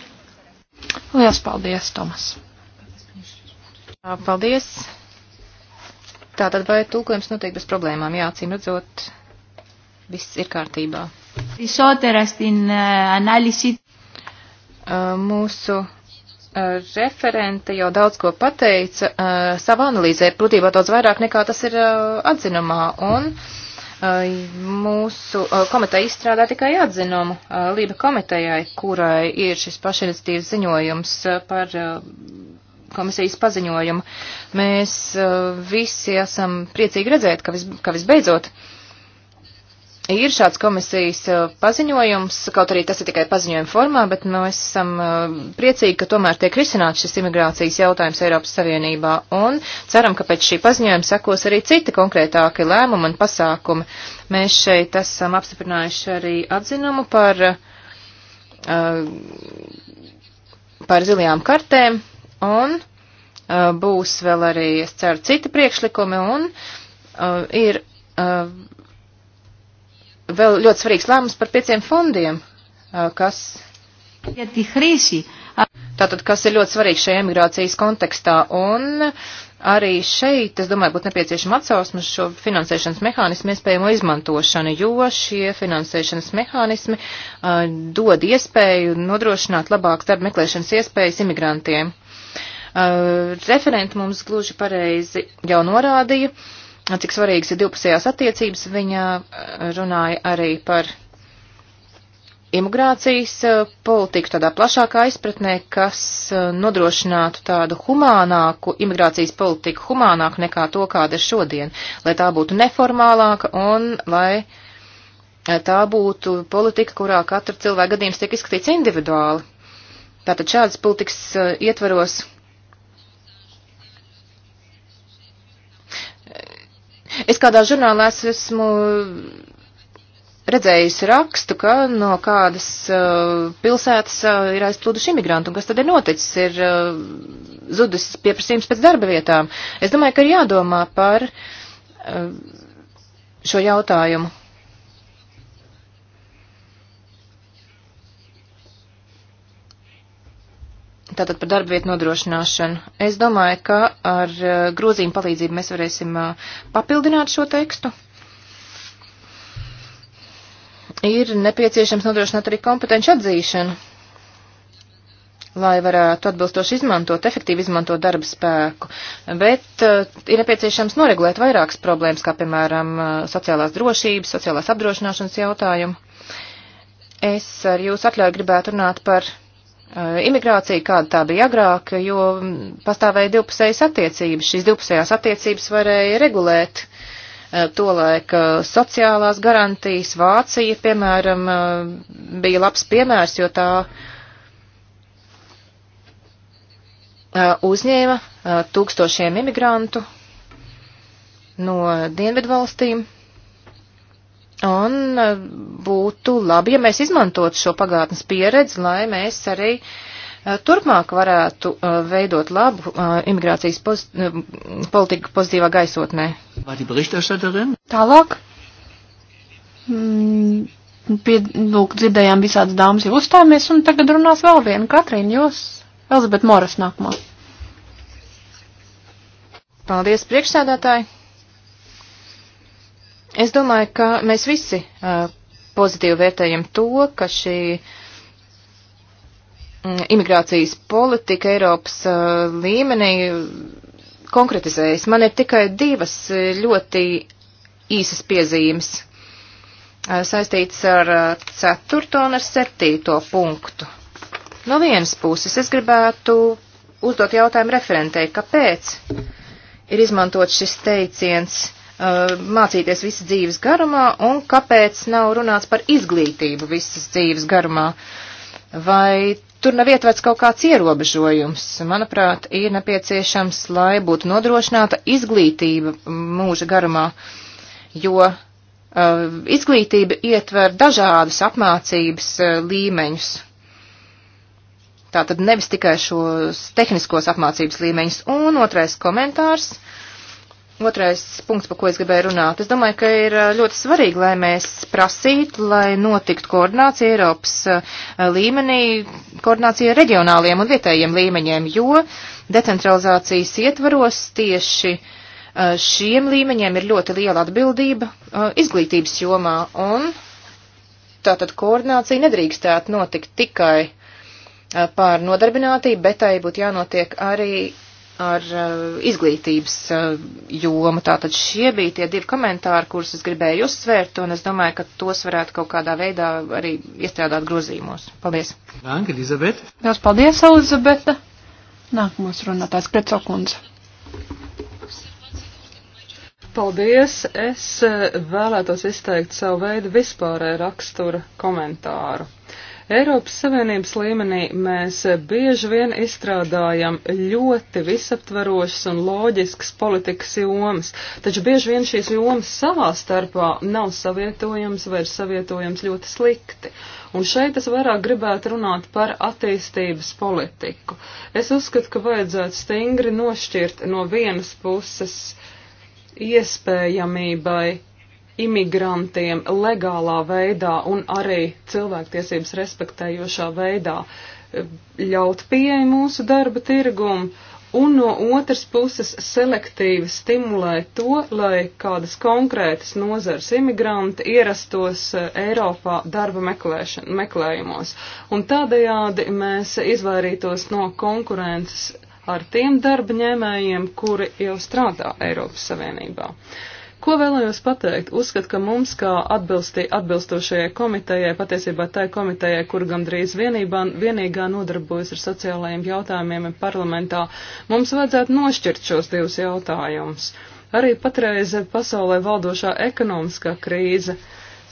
Lielas paldies, Tomas. Paldies. Tātad vai tūkojums notiek bez problēmām? Jā, acīm redzot, viss ir kārtībā. Visotera στην ανάλυση. Mūsu Eh, referente jau daudz ko pateica uh, savā analīzē, būtībā daudz vairāk nekā tas ir uh, atzinumā, un uh, mūsu uh, komiteja izstrādā tikai atzinumu uh, Lība komitejai, kurai ir šis pašinicitīvas ziņojums uh, par uh, komisijas paziņojumu. Mēs uh, visi esam priecīgi redzēt, ka, vis, ka visbeidzot uh, ir šāds komisijas uh, paziņojums, kaut arī tas ir tikai paziņojuma formā, bet nu, mēs esam uh, priecīgi, ka tomēr tiek risināts šis imigrācijas jautājums Eiropas Savienībā un ceram, ka pēc šī paziņojuma sekos arī citi konkrētāki lēmumi un pasākumi. Mēs šeit esam apstiprinājuši arī atzinumu par, uh, par zilajām kartēm un būs vēl arī, es ceru, citi priekšlikumi un ir vēl ļoti svarīgs lēmums par pieciem fondiem, kas. Tātad, kas ir ļoti svarīgi šajā emigrācijas kontekstā, un arī šeit, es domāju, būtu nepieciešama atsausme šo finansēšanas mehānismu iespējamo izmantošanu, jo šie finansēšanas mehānismi uh, dod iespēju nodrošināt labākas darba meklēšanas iespējas imigrantiem. Uh, referenti mums gluži pareizi jau norādīja, uh, cik svarīgas ir divpusējās attiecības, viņa eh, runāja arī par imigrācijas eh, politiku tādā plašākā izpratnē, kas eh, nodrošinātu tādu humānāku imigrācijas politiku, humānāku nekā to, kāda ir šodien, lai tā būtu neformālāka un lai tā būtu politika, kurā katra cilvēka gadījums tiek izskatīts individuāli. Tātad šādas politikas ietvaros Es kādā žurnālā esmu redzējusi rakstu, ka no kādas uh, pilsētas uh, ir aizplūduši imigranti, un kas tad ir noticis, ir uh, zudis pieprasījums pēc darba vietām. Es domāju, ka ir jādomā par uh, šo jautājumu. Tātad par darba vietu nodrošināšanu. Es domāju, ka ar uh, grozījumu palīdzību mēs varēsim uh, papildināt šo tekstu. Ir nepieciešams nodrošināt arī kompetenci atzīšanu, lai varētu atbilstoši izmantot, efektīvi izmantot darba spēku. Bet uh, ir nepieciešams noregulēt vairākas problēmas, kā piemēram uh, sociālās drošības, sociālās apdrošināšanas jautājumu. Es ar jūsu atļauju gribētu runāt par Eh, imigrācija, kāda tā bija agrāk, jo pastāvēja divpusējas attiecības. Šīs divpusējās attiecības varēja regulēt eh, tolaik eh, sociālās garantijas. Vācija, piemēram, bija labs piemērs, jo tā uzņēma tūkstošiem imigrantu no dienvidvalstīm. Un e, būtu labi, ja mēs izmantotu šo pagātnes pieredzi, lai mēs arī e, turpmāk varētu e, veidot labu imigrācijas poz politiku pozitīvā gaisotnē. Tālāk. Mm, pie, lūk, dzirdējām visādas dāmas jau uzstājamies, un tagad runās vēl viena. Katrīna, jūs, Elizabet Moras nākamā. Paldies, priekšsēdētāji! Es domāju, ka mēs visi uh, pozitīvi vērtējam to, ka šī mm, imigrācijas politika Eiropas uh, līmenī konkretizējas. Man ir tikai divas ļoti īsas piezīmes uh, saistītas ar ceturto un ar septīto punktu. No vienas puses es gribētu uzdot jautājumu referentei, kāpēc ir izmantot šis teiciens Uh, mācīties visas dzīves garumā un kāpēc nav runāts par izglītību visas dzīves garumā. Vai tur nav ietverts kaut kāds ierobežojums? Manuprāt, ir nepieciešams, lai būtu nodrošināta izglītība mūža garumā, jo uh, izglītība ietver dažādus apmācības uh, līmeņus. Tātad nevis tikai šos tehniskos apmācības līmeņus. Un otrais komentārs Otrais punkts, par ko es gribēju runāt. Es domāju, ka ir ļoti svarīgi, lai mēs prasītu, lai notiktu koordinācija Eiropas līmenī, koordinācija reģionāliem un vietējiem līmeņiem, jo decentralizācijas ietvaros tieši šiem līmeņiem ir ļoti liela atbildība izglītības jomā, un tātad koordinācija nedrīkstētu notikt tikai pār nodarbinātību, bet tai būtu jānotiek arī ar uh, izglītības uh, jomu. Tātad šie bija tie divi komentāri, kurus es gribēju uzsvērt, un es domāju, ka tos varētu kaut kādā veidā arī iestrādāt grozīmos. Paldies. Dank, Elizabete. Jās paldies, Elizabete. Nākamos runātājs Krecokundze. Paldies! Es eh, vēlētos izteikt savu veidu vispārēju rakstura komentāru. Uh, Eiropas Savienības līmenī mēs bieži vien izstrādājam ļoti visaptverošas un loģiskas politikas jomas, taču bieži vien šīs jomas savā starpā nav savietojams vai ir savietojams ļoti slikti. Un šeit es vairāk gribētu runāt par attīstības politiku. Es uzskatu, ka vajadzētu stingri nošķirt no vienas puses iespējamībai imigrantiem legālā veidā un arī cilvēktiesības respektējošā veidā e, ļaut pieeja mūsu darba tirgumu un no otras puses selektīvi stimulē to, lai kādas konkrētas nozars imigranti ierastos e, Eiropā darba meklējumos. Un tādējādi mēs izvairītos no konkurences ar tiem darba ņēmējiem, kuri jau strādā Eiropas Savienībā. Uh, Ko vēlējos pateikt? Uzskat, ka mums, kā atbilsti, atbilstošajai komitejai, patiesībā tai komitejai, kur gandrīz vienībā, vienīgā nodarbojas ar sociālajiem jautājumiem parlamentā, mums vajadzētu nošķirt šos divus jautājumus. Arī patreiz pasaulē valdošā ekonomiskā krīze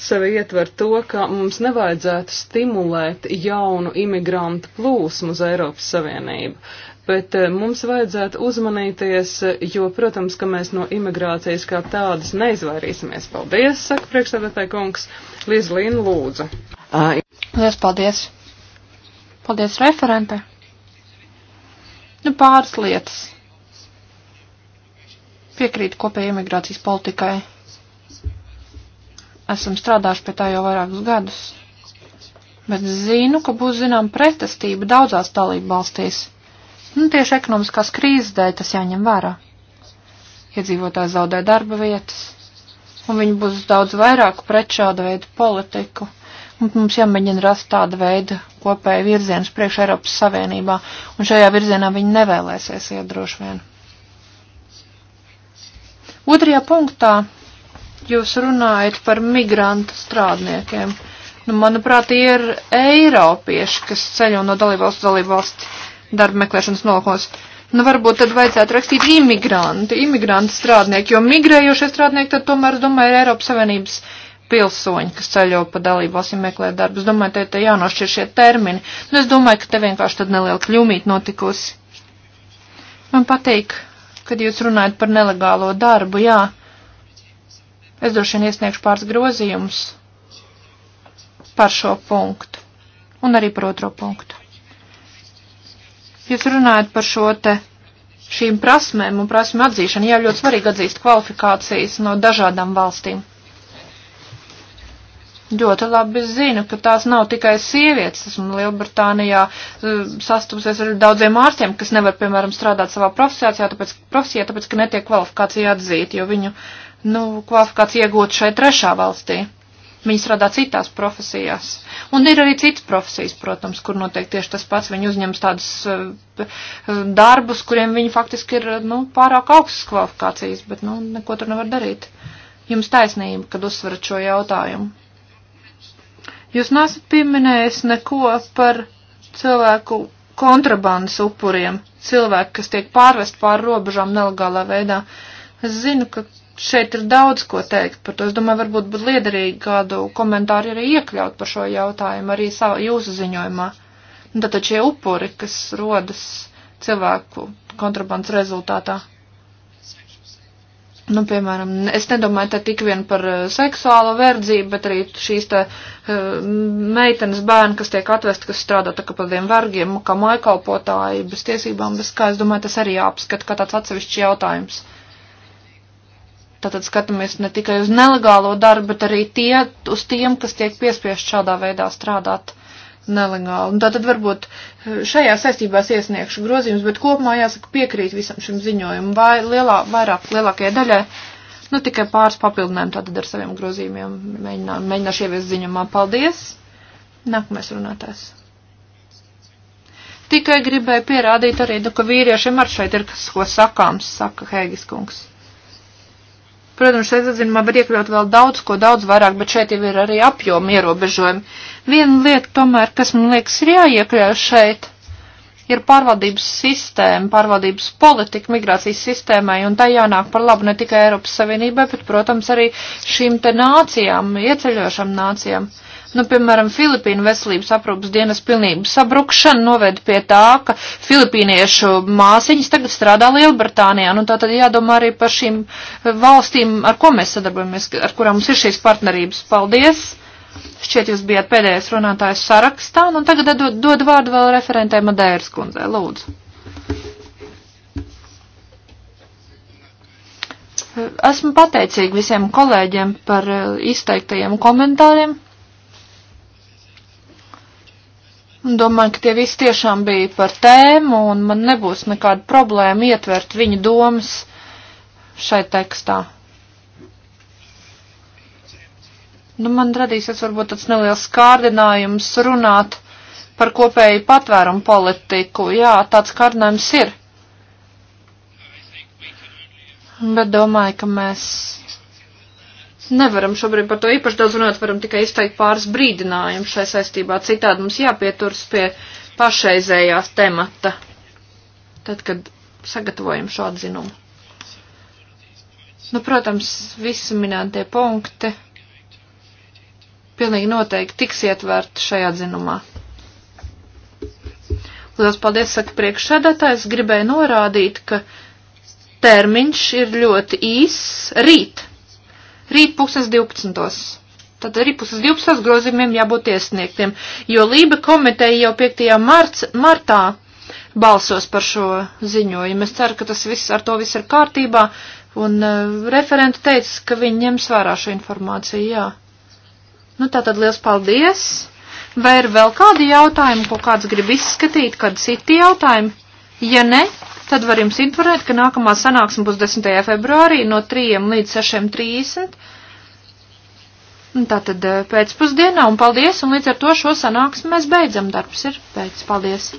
sevi ietver to, ka mums nevajadzētu stimulēt jaunu imigrantu plūsmu uz Eiropas Savienību bet eh, mums vajadzētu uzmanīties, jo, protams, ka mēs no imigrācijas kā tādas neizvairīsimies. Paldies, saka priekšstādātāja kungs. Līdz Līna lūdzu. Lielas paldies. Paldies referente. Nu, pāris lietas. Piekrīt kopējai imigrācijas politikai. Esam strādājuši pie tā jau vairākus gadus. Bet zinu, ka būs zinām pretestība daudzās dalību valstīs Nu, tieši ekonomiskās krīzes dēļ tas jāņem vērā. Iedzīvotāji zaudē darba vietas, un viņi būs daudz vairāk pret šādu veidu politiku. Un mums jāmēģina rast tādu veidu kopēju virzienu priekš Eiropas Savienībā, un šajā virzienā viņi nevēlēsies iet droši vien. Otrajā punktā jūs runājat par migrantu strādniekiem. Nu, manuprāt, tie ir eiropieši, kas ceļo no dalībvalsts dalībvalsts darba meklēšanas nolūkos. Nu, varbūt tad vajadzētu rakstīt imigranti, imigranti strādnieki, jo migrējošie strādnieki tad tomēr, es domāju, ir Eiropas Savienības pilsoņi, kas ceļo pa dalību valstīm meklēt darbu. Es domāju, te, te jānošķir šie termini. Nu, es domāju, ka te vienkārši tad neliela kļūmīt notikusi. Man patīk, kad jūs runājat par nelegālo darbu, jā. Es droši vien iesniegšu pāris grozījumus par šo punktu un arī par otro punktu. Jūs runājat par šo te šīm prasmēm un prasmu atzīšanu. Jā, ļoti svarīgi atzīst kvalifikācijas no dažādām valstīm. Ļoti labi zinu, ka tās nav tikai sievietes. Esmu Lielbritānijā e, sastapsies ar daudziem ārstiem, kas nevar, piemēram, strādāt savā profesijā, tāpēc, profesijā, tāpēc ka netiek kvalifikācija atzīta, jo viņu nu, kvalifikācija iegūta šai trešā valstī. Viņi strādā citās profesijās. Un ir arī citas profesijas, protams, kur noteikti tieši tas pats. Viņi uzņems tādus uh, darbus, kuriem viņi faktiski ir, eh, nu, pārāk augstas kvalifikācijas, bet, nu, neko tur nevar darīt. Jums taisnība, kad uzsverat šo jautājumu. Jūs nesat pieminējis neko par cilvēku kontrabandas upuriem, cilvēki, kas tiek pārvest pār robežām nelegālā veidā. Es zinu, ka šeit ir daudz ko teikt par to. Es domāju, varbūt būtu liederīgi kādu komentāru arī iekļaut par šo jautājumu arī savu, jūsu ziņojumā. Un nu, tad šie upuri, kas rodas cilvēku kontrabandas rezultātā. Nu, piemēram, es nedomāju te tik vien par eh, seksuālo verdzību, bet arī šīs te eh, meitenes bērni, kas tiek atvesti, kas strādā tā kā par tiem vergiem, kā maikalpotāji, bez tiesībām, bez kā, es domāju, tas arī jāapskata kā tāds atsevišķs jautājums. Tātad skatāmies ne tikai uz nelegālo darbu, bet arī tie, uz tiem, kas tiek piespiest šādā veidā strādāt nelegāli. Un tātad varbūt eh, šajā saistībās iesniegšu grozījumus, bet kopumā jāsaka piekrīt visam šim ziņojumam vai lielā, vairāk, lielākajai daļai. Nu, tikai pāris papildinājumu tātad ar saviem grozījumiem mēģināšu ieviest ziņumā. Paldies! Nākamais runātājs tikai gribēju pierādīt arī, nu, ka vīriešiem ar šeit ir kas, ko sakāms, saka Hēgis kungs. Protams, šeit atzinumā var iekļaut vēl daudz ko daudz vairāk, bet šeit jau ir arī apjomi ierobežojumi. Viena lieta tomēr, kas man liekas ir jāiekļauj šeit, ir pārvaldības sistēma, pārvaldības politika migrācijas sistēmai, un tā jānāk par labu ne tikai Eiropas Savienībai, bet, protams, arī šīm te nācijām, ieceļošām nācijām. Uh, Nu, piemēram, Filipīnu veselības aprūpas dienas pilnības sabrukšana noved pie tā, ka filipīniešu māsiņas tagad strādā Lielbritānijā. Nu, tā tad jādomā arī par šīm valstīm, ar ko mēs sadarbojamies, ar kurām mums ir šīs partnerības. Paldies! Šķiet, jūs bijat pēdējais runātājs sarakstā, un nu, tagad dod, dod vārdu vēl referentai Madēras kundzei. Lūdzu. Esmu pateicīga visiem kolēģiem par uh, izteiktajiem komentāriem. Un domāju, ka tie visi tiešām bija par tēmu, un man nebūs nekāda problēma ietvert viņa domas šai tekstā. Nu, man radīsies varbūt tāds neliels kārdinājums runāt par kopēju patvērumu politiku. Jā, tāds kārdinājums ir. Bet domāju, ka mēs Nevaram šobrīd par to īpaši daudz runāt, varam tikai izteikt pāris brīdinājumus šai saistībā. Citādi mums jāpieturas pie pašreizējās temata, tad, kad sagatavojam šo atzinumu. Nu, protams, visi minētie punkti pilnīgi noteikti tiks ietverti šajā atzinumā. Lielas paldies, saka priekšsēdētājs, gribēju norādīt, ka termiņš ir ļoti īs rīt rīt pusēs 12. Tad arī puses 12 grozījumiem jābūt iesniegtiem, jo Lība komiteja jau 5. Marts, martā balsos par šo ziņojumu. Es ceru, ka tas viss ar to viss ir kārtībā, un uh, eh, referenta teica, ka viņi ņems vērā šo informāciju, jā. Nu tā tad liels paldies! Vai ir vēl kādi jautājumi, ko kāds grib izskatīt, kādi citi jautājumi? Ja ne, tad var jums informēt, ka nākamā sanāksme būs 10. februārī no 3 līdz 6.30. Tātad eh, pēcpusdienā un paldies, un līdz ar to šo sanāksmi mēs beidzam. Darbs ir beidz. Paldies!